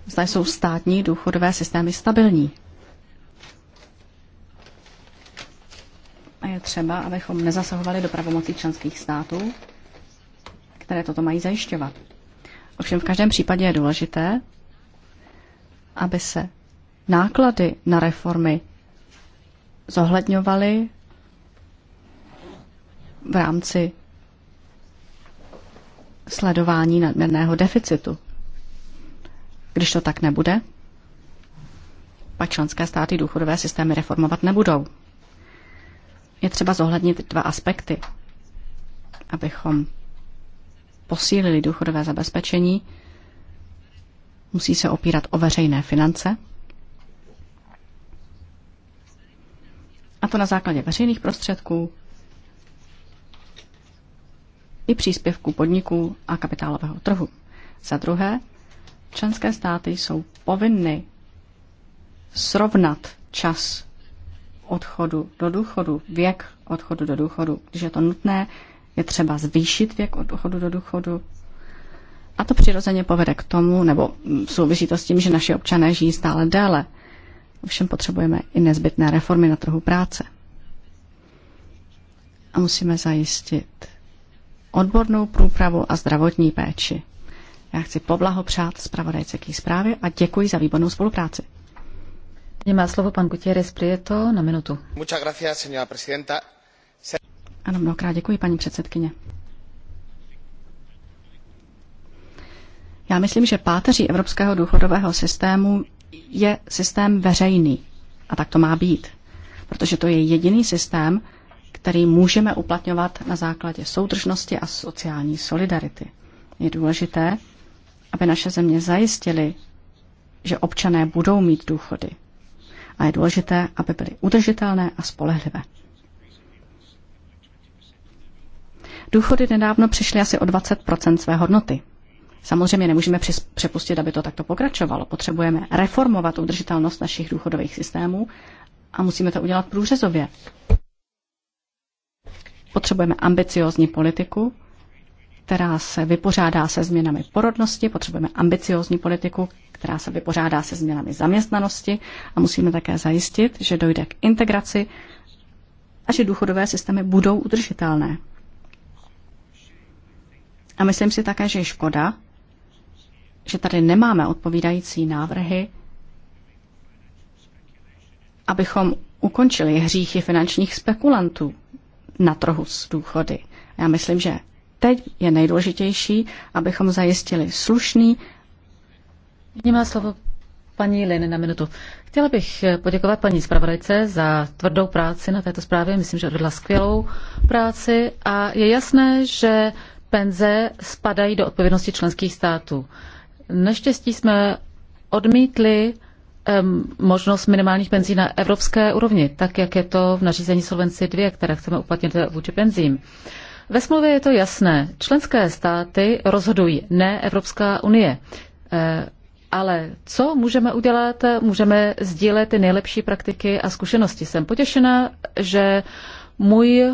zda jsou státní důchodové systémy stabilní. A je třeba, abychom nezasahovali do pravomocí členských států, které toto mají zajišťovat. Ovšem v každém případě je důležité, aby se náklady na reformy zohledňovaly v rámci sledování nadměrného deficitu. Když to tak nebude, pak členské státy důchodové systémy reformovat nebudou. Je třeba zohlednit dva aspekty, abychom posílili důchodové zabezpečení. Musí se opírat o veřejné finance, a to na základě veřejných prostředků i příspěvků podniků a kapitálového trhu. Za druhé, Členské státy jsou povinny srovnat čas odchodu do důchodu, věk odchodu do důchodu. Když je to nutné, je třeba zvýšit věk odchodu do důchodu. A to přirozeně povede k tomu, nebo souvisí to s tím, že naši občané žijí stále déle. Ovšem potřebujeme i nezbytné reformy na trhu práce. A musíme zajistit odbornou průpravu a zdravotní péči. Já chci poblahopřát zpravodajce k zprávě a děkuji za výbornou spolupráci. Nemá slovo pan Gutierrez Prieto na minutu. Muchas gracias, señora presidenta. Ano, mnohokrát děkuji, paní předsedkyně. Já myslím, že páteří evropského důchodového systému je systém veřejný. A tak to má být. Protože to je jediný systém, který můžeme uplatňovat na základě soudržnosti a sociální solidarity. Je důležité, aby naše země zajistili, že občané budou mít důchody. A je důležité, aby byly udržitelné a spolehlivé. Důchody nedávno přišly asi o 20 své hodnoty. Samozřejmě nemůžeme přepustit, aby to takto pokračovalo. Potřebujeme reformovat udržitelnost našich důchodových systémů a musíme to udělat průřezově. Potřebujeme ambiciozní politiku, která se vypořádá se změnami porodnosti, potřebujeme ambiciózní politiku, která se vypořádá se změnami zaměstnanosti a musíme také zajistit, že dojde k integraci a že důchodové systémy budou udržitelné. A myslím si také, že je škoda, že tady nemáme odpovídající návrhy, abychom ukončili hříchy finančních spekulantů na trhu s důchody. Já myslím, že teď je nejdůležitější, abychom zajistili slušný. Nyní slovo paní Lin na minutu. Chtěla bych poděkovat paní zpravodajce za tvrdou práci na této zprávě. Myslím, že odvedla skvělou práci a je jasné, že penze spadají do odpovědnosti členských států. Neštěstí jsme odmítli možnost minimálních penzí na evropské úrovni, tak jak je to v nařízení Solvency 2, které chceme uplatnit vůči penzím. Ve smlouvě je to jasné. Členské státy rozhodují, ne Evropská unie. Eh, ale co můžeme udělat? Můžeme sdílet ty nejlepší praktiky a zkušenosti. Jsem potěšena, že můj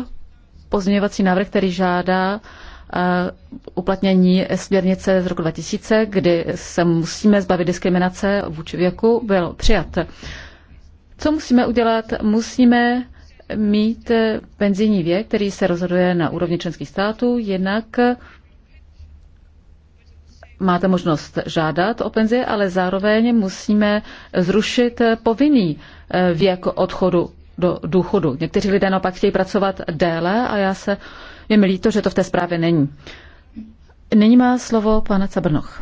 pozměňovací návrh, který žádá eh, uplatnění směrnice z roku 2000, kdy se musíme zbavit diskriminace vůči věku, byl přijat. Co musíme udělat? Musíme mít penzijní věk, který se rozhoduje na úrovni členských států, jinak máte možnost žádat o penzi, ale zároveň musíme zrušit povinný eh, věk odchodu do důchodu. Někteří lidé naopak chtějí pracovat déle a já se, je mi líto, že to v té zprávě není. Nyní má slovo pana Cabrnoch.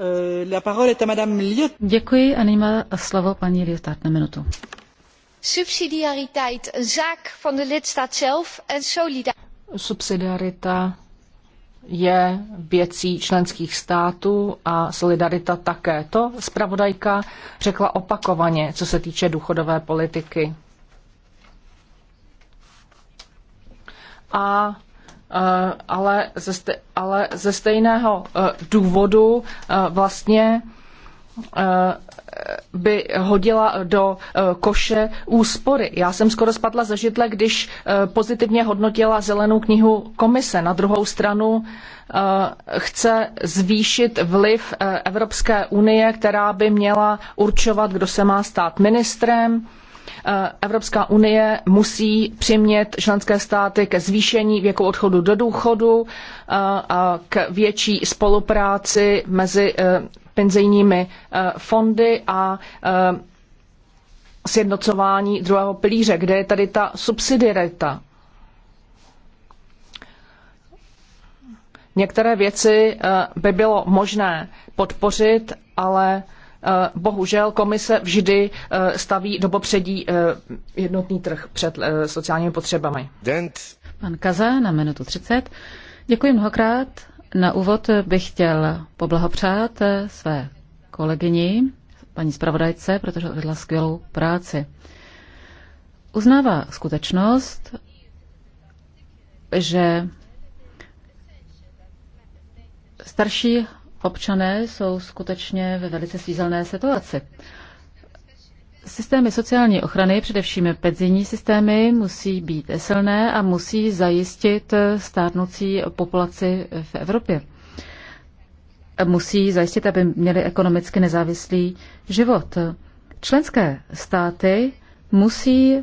Euh, Děkuji a nyní má slovo paní Liotard na minutu. Subsidiariteit, een zaak van de Subsidiarita je věcí členských států a solidarita také. To zpravodajka řekla opakovaně, co se týče důchodové politiky. A Eh, ale ze, ale ze stejného eh, důvodu eh, vlastně by hodila do koše úspory. Já jsem skoro spadla ze židle, když pozitivně hodnotila zelenou knihu komise. Na druhou stranu chce zvýšit vliv Evropské unie, která by měla určovat, kdo se má stát ministrem, Eh, Evropská unie musí přimět členské státy ke zvýšení věku odchodu do důchodu eh, a k větší spolupráci mezi eh, penzijními fondy a sjednocování druhého pilíře, kde je tady ta subsidiarita. Některé věci by bylo možné podpořit, ale Eh, bohužel komise vždy eh, staví do popředí eh, jednotný trh před sociálními potřebami. Pan Kaza na minutu 30. Děkuji mnohokrát. Na úvod bych chtěl poblahopřát své kolegyni, paní zpravodajce, protože odvedla skvělou práci. Uznává skutečnost, že starší občané jsou skutečně ve velice svízelné situaci. Systémy sociální ochrany, především penzijní systémy, musí být silné a musí zajistit stárnoucí populaci v Evropě. Musí zajistit, aby měli ekonomicky nezávislý život. Členské státy musí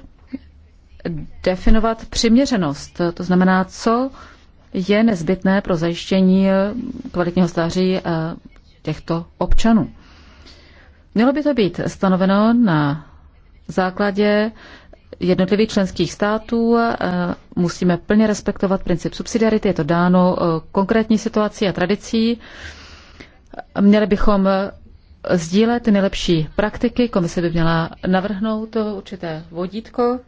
definovat přiměřenost, to znamená, co je nezbytné pro zajištění eh, kvalitního stáří eh, těchto občanů. Mělo by to být stanoveno na základě jednotlivých členských států. Eh, musíme plně respektovat princip subsidiarity, je to dáno konkrétní situací a tradicí. Měli bychom sdílet nejlepší praktiky, komise by měla navrhnout určité vodítko,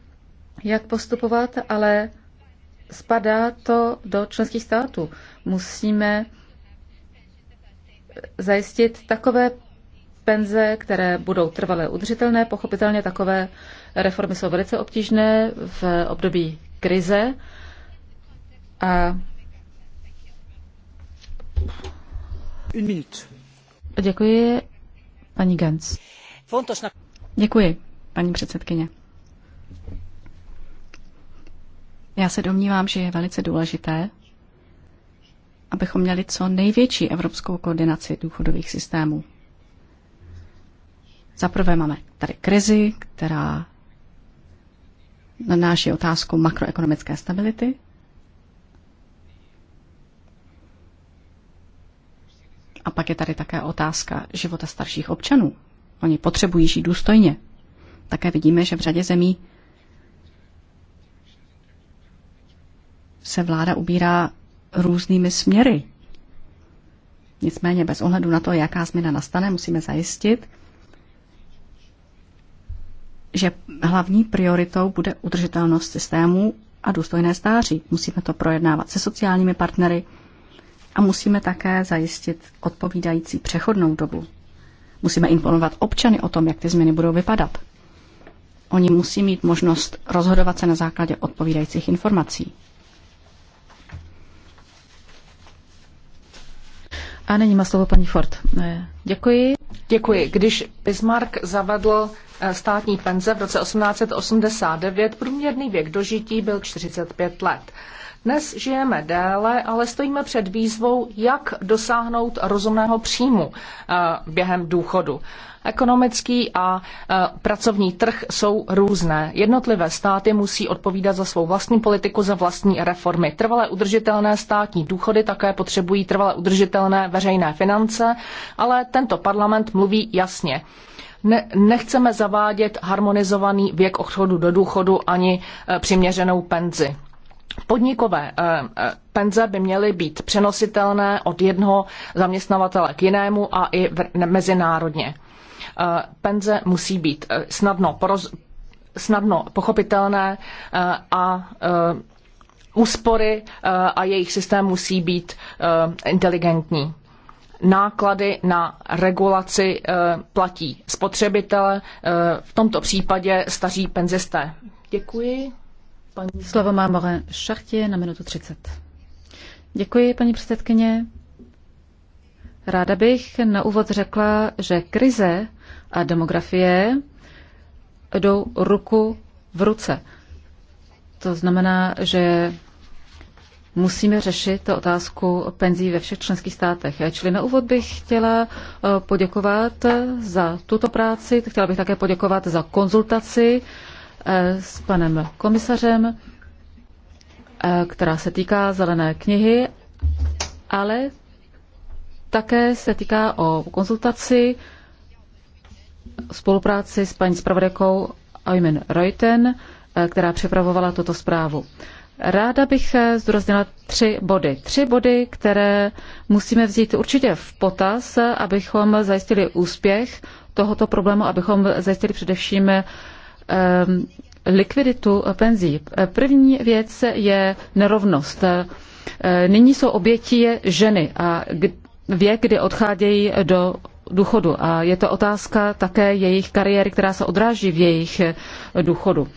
jak postupovat, ale spadá to do členských států. Musíme zajistit takové penze, které budou trvalé, udržitelné. Pochopitelně takové reformy jsou velice obtížné v období krize. A Děkuji, paní Gans. Děkuji, paní předsedkyně. Já se domnívám, že je velice důležité, abychom měli co největší evropskou koordinaci důchodových systémů. Zaprvé máme tady krizi, která nanáší otázku makroekonomické stability. A pak je tady také otázka života starších občanů. Oni potřebují žít důstojně. Také vidíme, že v řadě zemí se vláda ubírá různými směry. Nicméně bez ohledu na to, jaká změna nastane, musíme zajistit, že hlavní prioritou bude udržitelnost systému a důstojné stáří. Musíme to projednávat se sociálními partnery a musíme také zajistit odpovídající přechodnou dobu. Musíme informovat občany o tom, jak ty změny budou vypadat. Oni musí mít možnost rozhodovat se na základě odpovídajících informací. A nyní má slovo paní Ford. Eh, Děkuji. Děkuji. Když Bismarck zavedl eh, státní penze v roce 1889, průměrný věk dožití byl 45 let. Dnes žijeme déle, ale stojíme před výzvou, jak dosáhnout rozumného příjmu eh, během důchodu. Ekonomický a eh, pracovní trh jsou různé. Jednotlivé státy musí odpovídat za svou vlastní politiku, za vlastní reformy. Trvalé udržitelné státní důchody také potřebují trvalé udržitelné veřejné finance, ale tento parlament mluví jasně. Ne, nechceme zavádět harmonizovaný věk odchodu do důchodu ani e, přiměřenou penzi. Podnikové e, e, penze by měly být přenositelné od jednoho zaměstnavatele k jinému a i mezinárodně. Penze musí být snadno, poroz, snadno pochopitelné a úspory a jejich systém musí být inteligentní náklady na regulaci eh, platí spotřebitele, eh, v tomto případě staří penzisté. Děkuji. Paní... Slovo má Morin Šachtě na minutu 30. Děkuji, paní předsedkyně. Ráda bych na úvod řekla, že krize a demografie jdou ruku v ruce. To znamená, že musíme řešit otázku penzí ve všech členských státech. Čili na úvod bych chtěla eh, poděkovat eh, za tuto práci, chtěla bych také poděkovat za konzultaci eh, s panem komisařem, která se týká zelené knihy, ale také se týká o konzultaci, spolupráci s paní zpravodajkou Eumen Reuten, která připravovala tuto zprávu. Ráda bych eh, zdůraznila tři body. Tři body, které musíme vzít určitě v potaz, abychom zajistili úspěch tohoto problému, abychom zajistili především eh, likviditu penzí. První věc je nerovnost. Eh, nyní jsou obětí ženy a věk, kdy odchádějí do důchodu. A je to otázka také jejich kariéry, která se odráží v jejich důchodu.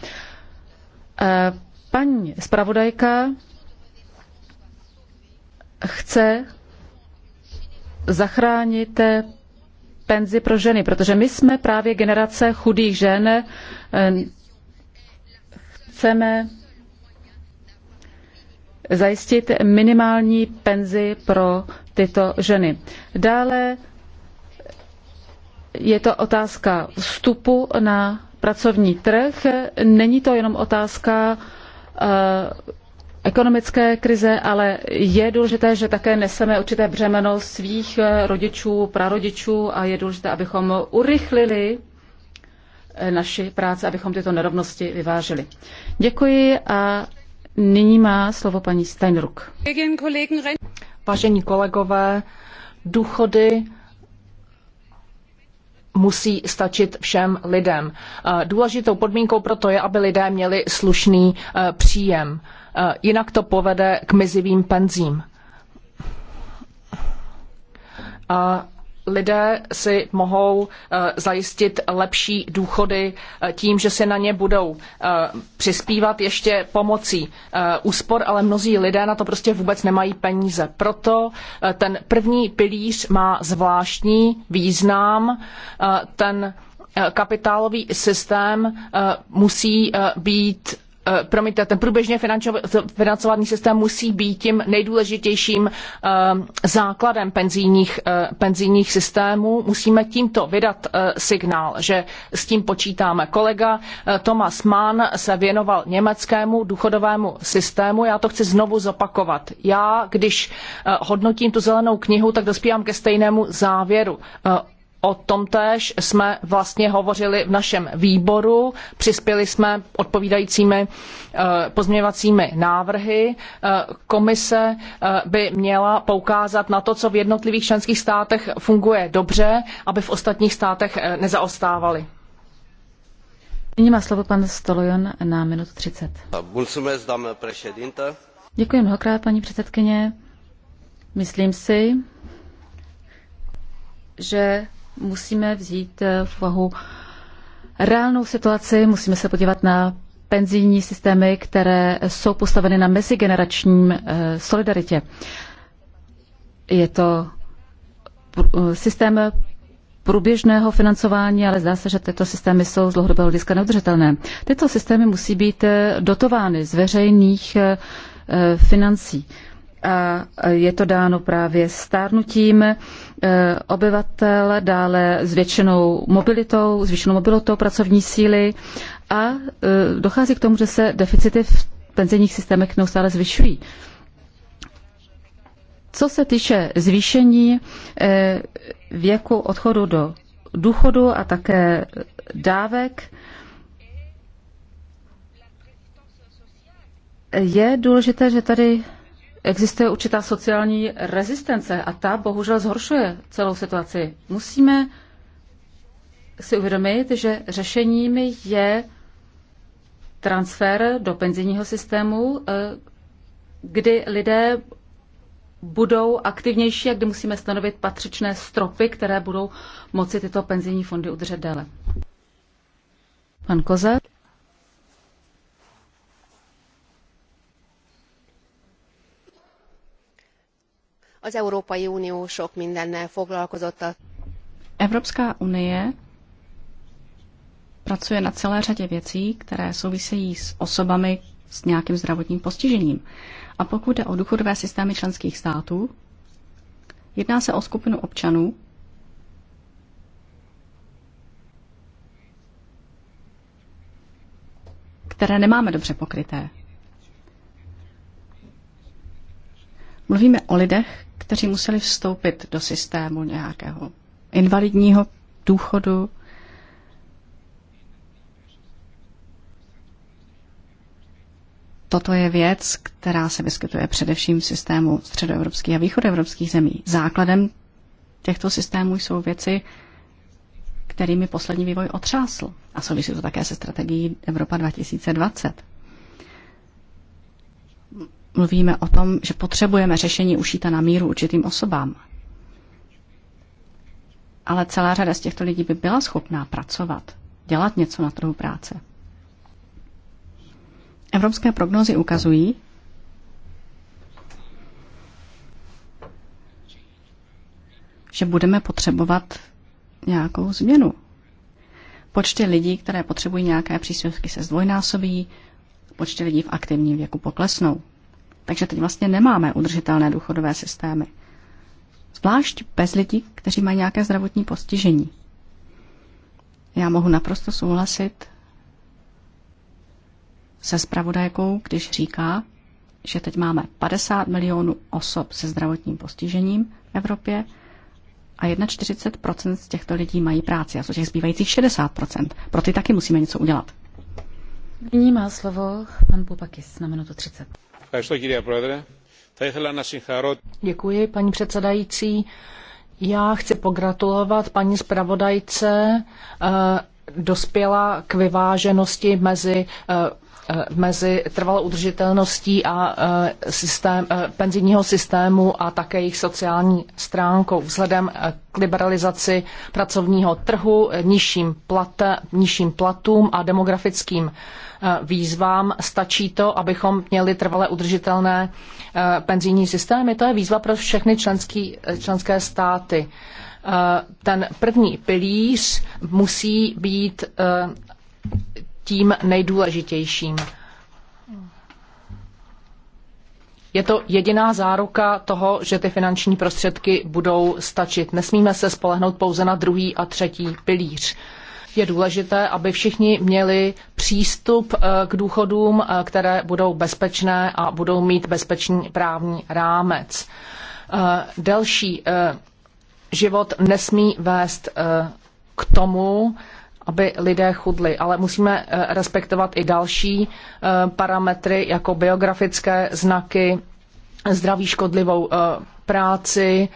Paní zpravodajka chce zachránit penzi pro ženy, protože my jsme právě generace chudých žen. Eh, chceme zajistit minimální penzi pro tyto ženy. Dále je to otázka vstupu na pracovní trh. Není to jenom otázka Eh, ekonomické krize, ale je důležité, že také neseme určité břemeno svých eh, rodičů, prarodičů a je důležité, abychom urychlili eh, naši práci, abychom tyto nerovnosti vyvážili. Děkuji a nyní má slovo paní Steinruck. Vážení kolegové, důchody musí stačit všem lidem. Eh, důležitou podmínkou pro to je, aby lidé měli slušný eh, příjem. Eh, jinak to povede k mizivým penzím. A lidé si mohou eh, zajistit lepší důchody eh, tím, že si na ně budou eh, přispívat ještě pomocí úspor, ale mnozí lidé na to prostě vůbec nemají peníze. Proto ten první pilíř má zvláštní význam. Ten kapitálový systém musí být Eh, promiňte, ten průběžně financovaný systém musí být tím nejdůležitějším eh, základem penzijních, eh, penzijních systémů. Musíme tímto vydat signál, že s tím počítáme. Kolega Thomas Mann se věnoval německému důchodovému systému. Já to chci znovu zopakovat. Já, když hodnotím tu zelenou knihu, tak dospívám ke stejnému závěru O tom též jsme vlastně hovořili v našem výboru, přispěli jsme odpovídajícími eh, pozměňovacími návrhy. Eh, komise eh, by měla poukázat na to, co v jednotlivých členských státech funguje dobře, aby v ostatních státech nezaostávali. Nyní má slovo pan Stolojan na minutu 30. Děkuji mnohokrát, paní předsedkyně. Myslím si, že musíme vzít eh, v úvahu reálnou situaci, musíme se podívat na penzijní systémy, které jsou postaveny na mezigeneračním eh, solidaritě. Je to eh, systém průběžného financování, ale zdá se, že tyto systémy jsou z dlouhodobého hlediska neudržitelné. Tyto systémy musí být dotovány z veřejných financí a je to dáno právě stárnutím eh, obyvatel, dále zvětšenou mobilitou, zvětšenou mobilitou pracovní síly a eh, dochází k tomu, že se deficity v penzijních systémech neustále zvyšují. Co se týče zvýšení eh, věku odchodu do důchodu a také dávek, je důležité, že tady existuje určitá sociální rezistence a ta bohužel zhoršuje celou situaci. Musíme si uvědomit, že řešením je transfer do penzijního systému, eh, kdy lidé budou aktivnější a kdy musíme stanovit patřičné stropy, které budou moci tyto penzijní fondy udržet déle. Pan Kozak. az Európai Unió sok mindennel foglalkozott. A... Evropská unie pracuje na celé řadě věcí, které souvisejí s osobami s nějakým zdravotním postižením. A pokud jde o důchodové systémy členských států, jedná se o skupinu občanů, které nemáme dobře pokryté. Mluvíme o lidech, kteří museli vstoupit do systému nějakého invalidního důchodu. Toto je věc, která se vyskytuje především v systému středoevropských a východoevropských zemí. Základem těchto systémů jsou věci, kterými poslední vývoj otřásl. A souvisí to také se strategií Evropa 2020 mluvíme o tom, že potřebujeme řešení ušíta na míru určitým osobám. Ale celá řada z těchto lidí by byla schopná pracovat, dělat něco na trhu práce. Evropské prognózy ukazují, že budeme potřebovat nějakou změnu. Počty lidí, které potřebují nějaké příspěvky, se zdvojnásobí, počty lidí v aktivním věku poklesnou. Takže teď vlastně nemáme udržitelné důchodové systémy. Zvlášť bez lidí, kteří mají nějaké zdravotní postižení. Já mohu naprosto souhlasit se spravodajkou, když říká, že teď máme 50 milionů osob se zdravotním postižením v Evropě a 41 z těchto lidí mají práci a z těch zbývajících 60 Pro ty taky musíme něco udělat. Nyní má slovo pan Bubakis na minutu 30. Děkuji, paní předsedající. Já chci pogratulovat paní zpravodajce. Eh, dospěla k vyváženosti mezi eh, Eh, mezi trvalou udržitelností a eh, systém, eh, penzijního systému a také jejich sociální stránkou. Vzhledem k liberalizaci pracovního trhu, nižším, plate, nižším platům a demografickým výzvám stačí to, abychom měli trvale udržitelné penzijní systémy. To je výzva pro všechny členský, členské státy. Ten první pilíř musí být tím nejdůležitějším. Je to jediná záruka toho, že ty finanční prostředky budou stačit. Nesmíme se spolehnout pouze na druhý a třetí pilíř. Je důležité, aby všichni měli přístup eh, k důchodům, eh, které budou bezpečné a budou mít bezpečný právní rámec. Eh, další život nesmí vést k tomu, aby lidé chudli, ale musíme eh, respektovat i další eh, parametry, jako biografické znaky, zdraví škodlivou eh, práci,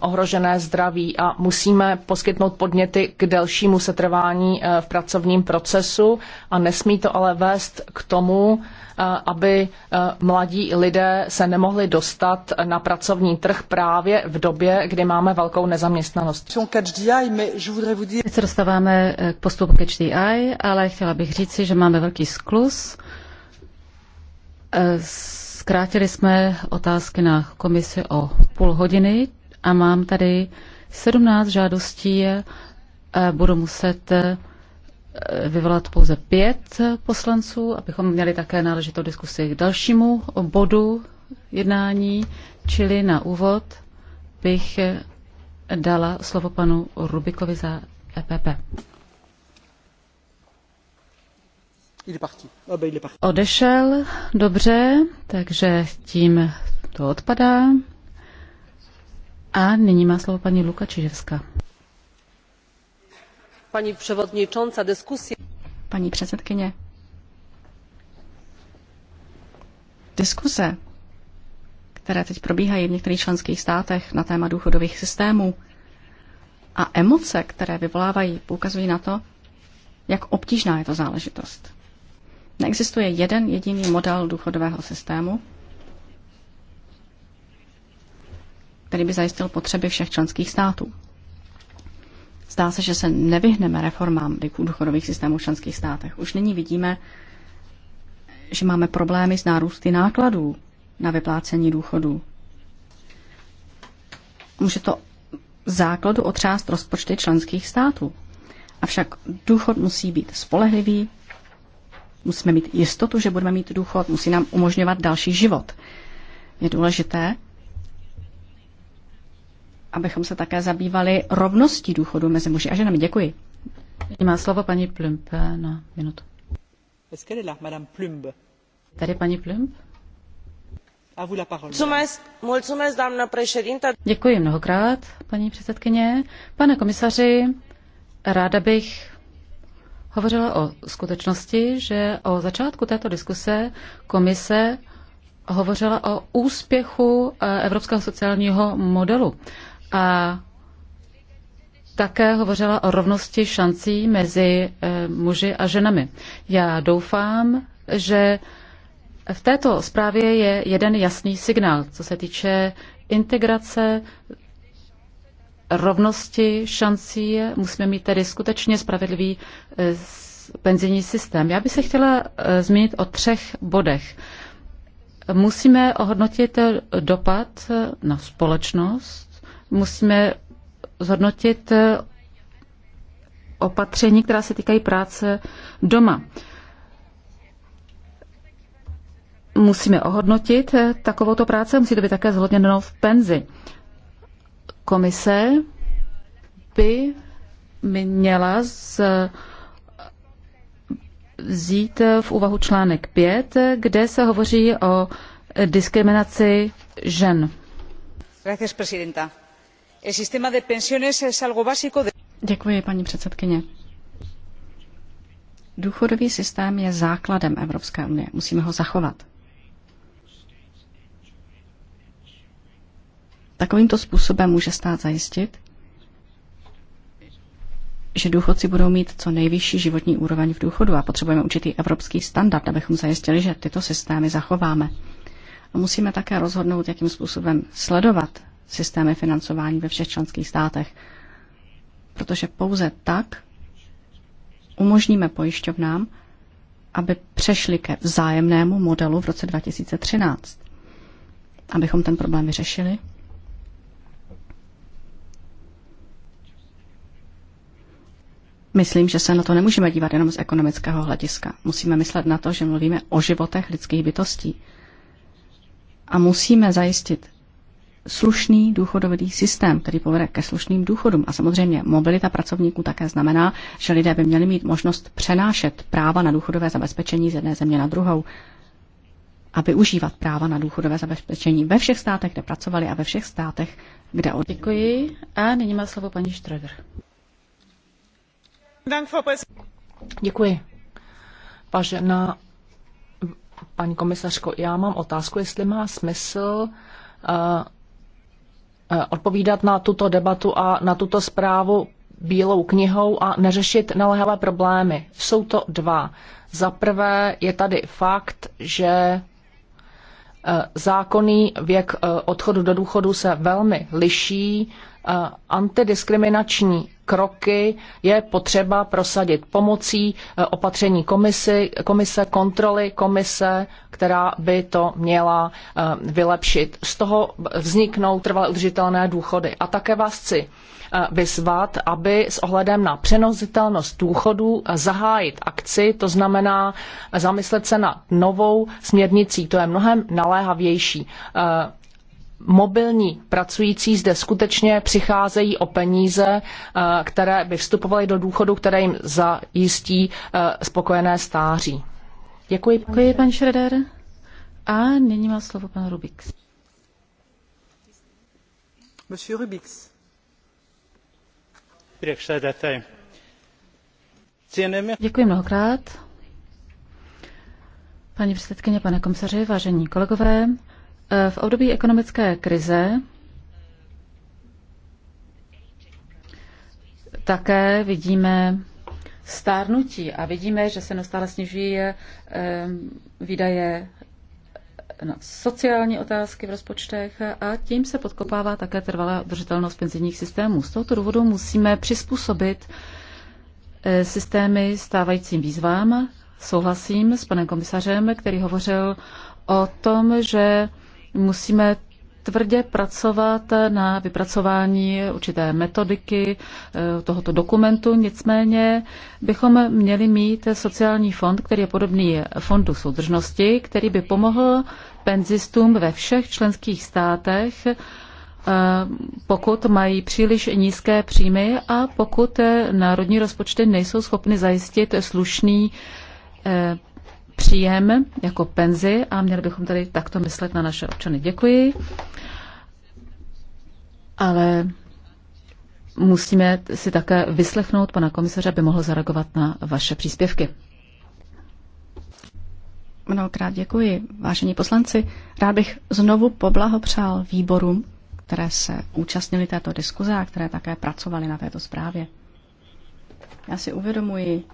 ohrožené zdraví a musíme poskytnout podněty k delšímu setrvání v pracovním procesu a nesmí to ale vést k tomu, Eh, aby eh, mladí lidé se nemohli dostat na pracovní trh právě v době, kdy máme velkou nezaměstnanost. Teď se dostáváme eh, k postupu Catch the Eye, ale chtěla bych říci, že máme velký sklus. Zkrátili jsme otázky na komisi o půl hodiny a mám tady 17 žádostí. Budu muset vyvolat pouze pět poslanců, abychom měli také náležitou diskusi k dalšímu bodu jednání, čili na úvod bych dala slovo panu Rubikovi za EPP. Ah, Odešel, dobře, takže tím to odpadá. A nyní má slovo paní Luka Čiževská paní předsedající diskuse paní předsedkyně diskuse které teď probíhají v některých členských státech na téma důchodových systémů a emoce, které vyvolávají, poukazují na to, jak obtížná je to záležitost. Neexistuje jeden jediný model důchodového systému, který by zajistil potřeby všech členských států. Zdá se, že se nevyhneme reformám důchodových systémů v členských státech. Už nyní vidíme, že máme problémy s nárůsty nákladů na vyplácení důchodů. Může to základu otřást rozpočty členských států. Avšak důchod musí být spolehlivý, musíme mít jistotu, že budeme mít důchod, musí nám umožňovat další život. Je důležité, abychom se také zabývali rovností důchodu mezi muži a ženami. Děkuji. Má slovo paní Plump na minutu. Tady paní Plump? Děkuji mnohokrát, paní předsedkyně. Pane komisaři, ráda bych hovořila o skutečnosti, že o začátku této diskuse komise hovořila o úspěchu eh, evropského sociálního modelu a také hovořila o rovnosti šancí mezi eh, muži a ženami. Já doufám, že v této zprávě je jeden jasný signál, co se týče integrace rovnosti šancí. Musíme mít tedy skutečně spravedlivý eh, penzijní systém. Já bych se chtěla eh, zmínit o třech bodech. Musíme ohodnotit dopad na společnost, musíme zhodnotit eh, opatření, která se týkají práce doma. Musíme ohodnotit eh, takovouto práci, musí to být také zhodněno v penzi. Komise by měla z, vzít eh, v úvahu článek 5, kde se hovoří o diskriminaci žen. Gracias, presidenta Děkuji, paní předsedkyně. Důchodový systém je základem Evropské unie. Musíme ho zachovat. Takovýmto způsobem může stát zajistit, že důchodci budou mít co nejvyšší životní úroveň v důchodu a potřebujeme určitý evropský standard, abychom zajistili, že tyto systémy zachováme. A musíme také rozhodnout, jakým způsobem sledovat systémy financování ve všech členských státech. Protože pouze tak umožníme pojišťovnám, aby přešli ke vzájemnému modelu v roce 2013, abychom ten problém vyřešili. Myslím, že se na to nemůžeme dívat jenom z ekonomického hlediska. Musíme myslet na to, že mluvíme o životech lidských bytostí. A musíme zajistit slušný důchodový systém, který povede ke slušným důchodům. A samozřejmě mobilita pracovníků také znamená, že lidé by měli mít možnost přenášet práva na důchodové zabezpečení z jedné země na druhou a využívat práva na důchodové zabezpečení ve všech státech, kde pracovali a ve všech státech, kde od... Děkuji a nyní má slovo paní Štrager. Děkuji. Vážená paní komisařko, já mám otázku, jestli má smysl uh, Eh, odpovídat na tuto debatu a na tuto zprávu bílou knihou a neřešit naléhavé problémy. Jsou to dva. Za prvé je tady fakt, že eh, zákonný věk eh, odchodu do důchodu se velmi liší. Antidiskriminační kroky je potřeba prosadit pomocí eh, opatření komisy, komise, kontroly komise, která by to měla eh, vylepšit. Z toho vzniknou trvale udržitelné důchody. A také vás chci eh, vyzvat, aby s ohledem na přenositelnost důchodů zahájit akci, to znamená zamyslet se na novou směrnicí. To je mnohem naléhavější mobilní pracující zde skutečně přicházejí o peníze, eh, které by vstupovaly do důchodu, které jim zajistí eh, spokojené stáří. Děkuji. Děkuji, pan Šreder. A nyní má slovo pan Rubix. Monsieur Rubix. Děkuji mnohokrát. Paní předsedkyně, pane komisaři, vážení kolegové, v období ekonomické krize také vidíme stárnutí a vidíme, že se neustále snižují eh, výdaje na sociální otázky v rozpočtech a tím se podkopává také trvalá udržitelnost penzijních systémů. Z tohoto důvodu musíme přizpůsobit eh, systémy stávajícím výzvám. Souhlasím s panem komisařem, který hovořil o tom, že Musíme tvrdě pracovat na vypracování určité metodiky eh, tohoto dokumentu, nicméně bychom měli mít sociální fond, který je podobný fondu soudržnosti, který by pomohl penzistům ve všech členských státech, eh, pokud mají příliš nízké příjmy a pokud eh, národní rozpočty nejsou schopny zajistit slušný příjem jako penzi a měli bychom tady takto myslet na naše občany. Děkuji. Ale musíme si také vyslechnout pana komisaře, aby mohl zareagovat na vaše příspěvky. Mnohokrát děkuji, vážení poslanci. Rád bych znovu poblahopřál výborům, které se účastnili této diskuze a které také pracovali na této zprávě. Já si uvědomuji,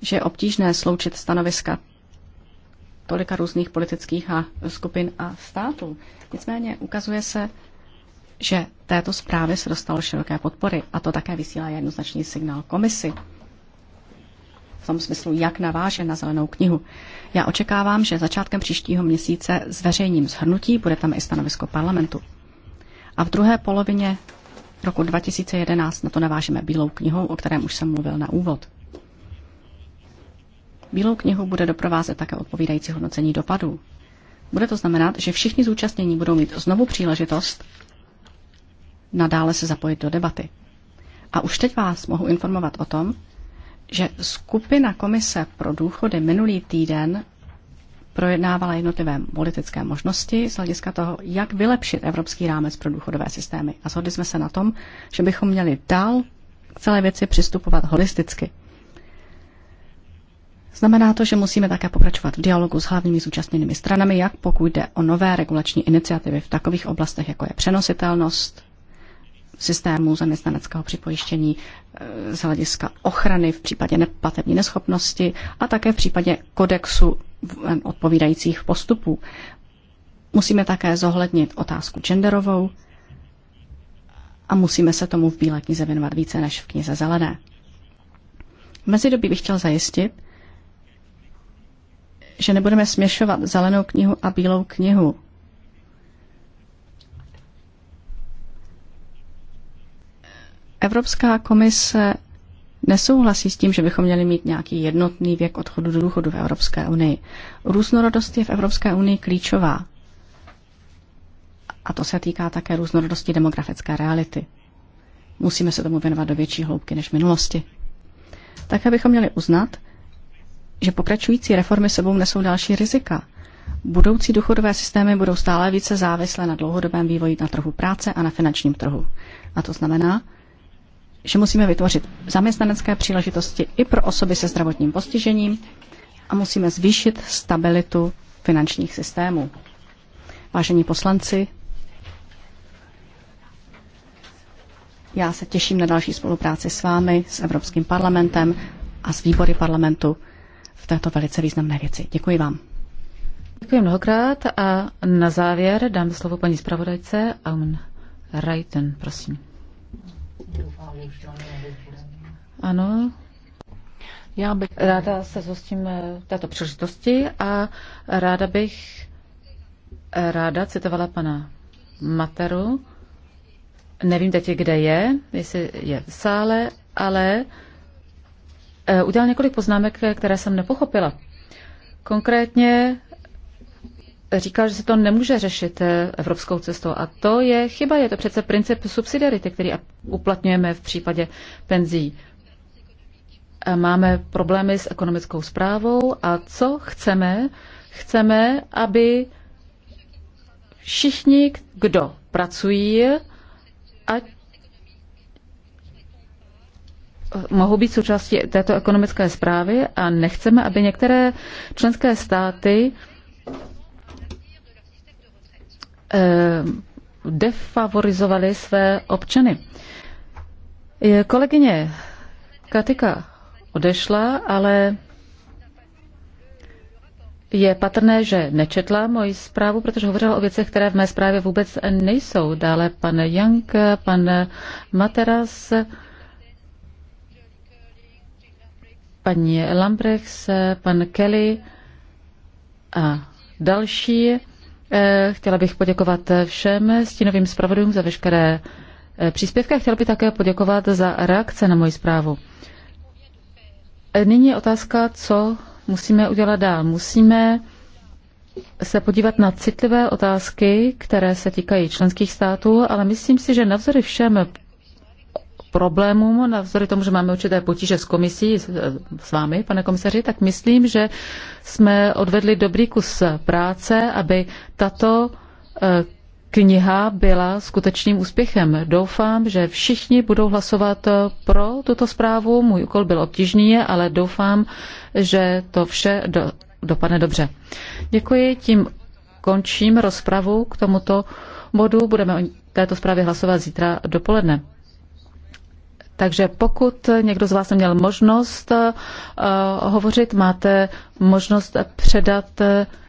že je obtížné sloučit stanoviska tolika různých politických a skupin a států. Nicméně ukazuje se, že této zprávy se dostalo široké podpory a to také vysílá jednoznačný signál komisi v tom smyslu, jak naváže na zelenou knihu. Já očekávám, že začátkem příštího měsíce zveřejním zhrnutí, bude tam i stanovisko parlamentu. A v druhé polovině roku 2011 na to navážeme bílou knihou, o kterém už jsem mluvil na úvod. Bílou knihu bude doprovázet také odpovídající hodnocení dopadů. Bude to znamenat, že všichni zúčastnění budou mít znovu příležitost nadále se zapojit do debaty. A už teď vás mohu informovat o tom, že skupina komise pro důchody minulý týden projednávala jednotlivé politické možnosti z hlediska toho, jak vylepšit evropský rámec pro důchodové systémy. A shodli jsme se na tom, že bychom měli dál k celé věci přistupovat holisticky. Znamená to, že musíme také pokračovat v dialogu s hlavními zúčastněnými stranami, jak pokud jde o nové regulační iniciativy v takových oblastech, jako je přenositelnost systému zaměstnaneckého připojištění eh, z hlediska ochrany v případě neplatební neschopnosti a také v případě kodexu eh, odpovídajících postupů. Musíme také zohlednit otázku genderovou a musíme se tomu v Bílé knize věnovat více než v knize Zelené. V mezidobí bych chtěl zajistit, že nebudeme směšovat zelenou knihu a bílou knihu. Evropská komise nesouhlasí s tím, že bychom měli mít nějaký jednotný věk odchodu do důchodu v Evropské unii. Různorodost je v Evropské unii klíčová. A to se týká také různorodosti demografické reality. Musíme se tomu věnovat do větší hloubky než v minulosti. Také bychom měli uznat, že pokračující reformy sebou nesou další rizika. Budoucí důchodové systémy budou stále více závislé na dlouhodobém vývoji na trhu práce a na finančním trhu. A to znamená, že musíme vytvořit zaměstnanecké příležitosti i pro osoby se zdravotním postižením a musíme zvýšit stabilitu finančních systémů. Vážení poslanci, já se těším na další spolupráci s vámi, s Evropským parlamentem a s výbory parlamentu v této velice významné věci. Děkuji vám. Děkuji mnohokrát a na závěr dám slovo paní zpravodajce Aumen Reiten, prosím. Ano, já bych ráda se zhostím eh, této příležitosti a ráda bych eh, ráda citovala pana Materu. Nevím teď, kde je, jestli je v sále, ale Eh, udělal několik poznámek, eh, které jsem nepochopila. Konkrétně eh, říkal, že se to nemůže řešit evropskou cestou. A to je chyba, je to přece princip subsidiarity, který uplatňujeme v případě penzí. Máme problémy s ekonomickou zprávou a co chceme? Chceme, aby všichni, kdo pracují, ať mohou být součástí této ekonomické zprávy a nechceme, aby některé členské státy eh, defavorizovaly své občany. Eh, kolegyně Katika odešla, ale je patrné, že nečetla moji zprávu, protože hovořila o věcech, které v mé zprávě vůbec nejsou. Dále pan Jank, pan Materas, paní Lambrech, pan Kelly a další. Eh, chtěla bych poděkovat všem stínovým zpravodům za veškeré eh, příspěvky a chtěla bych také poděkovat za reakce na moji zprávu. Eh, nyní je otázka, co musíme udělat dál. Musíme se podívat na citlivé otázky, které se týkají členských států, ale myslím si, že navzory všem problémům, navzdory tomu, že máme určité potíže s komisí, s vámi, pane komisaři, tak myslím, že jsme odvedli dobrý kus práce, aby tato eh, kniha byla skutečným úspěchem. Doufám, že všichni budou hlasovat eh, pro tuto zprávu. Můj úkol byl obtížný, ale doufám, že to vše do, dopadne dobře. Děkuji, tím končím rozpravu k tomuto bodu. Budeme o této zprávě hlasovat zítra dopoledne. Takže pokud někdo z vás neměl možnost eh, hovořit, máte možnost předat eh,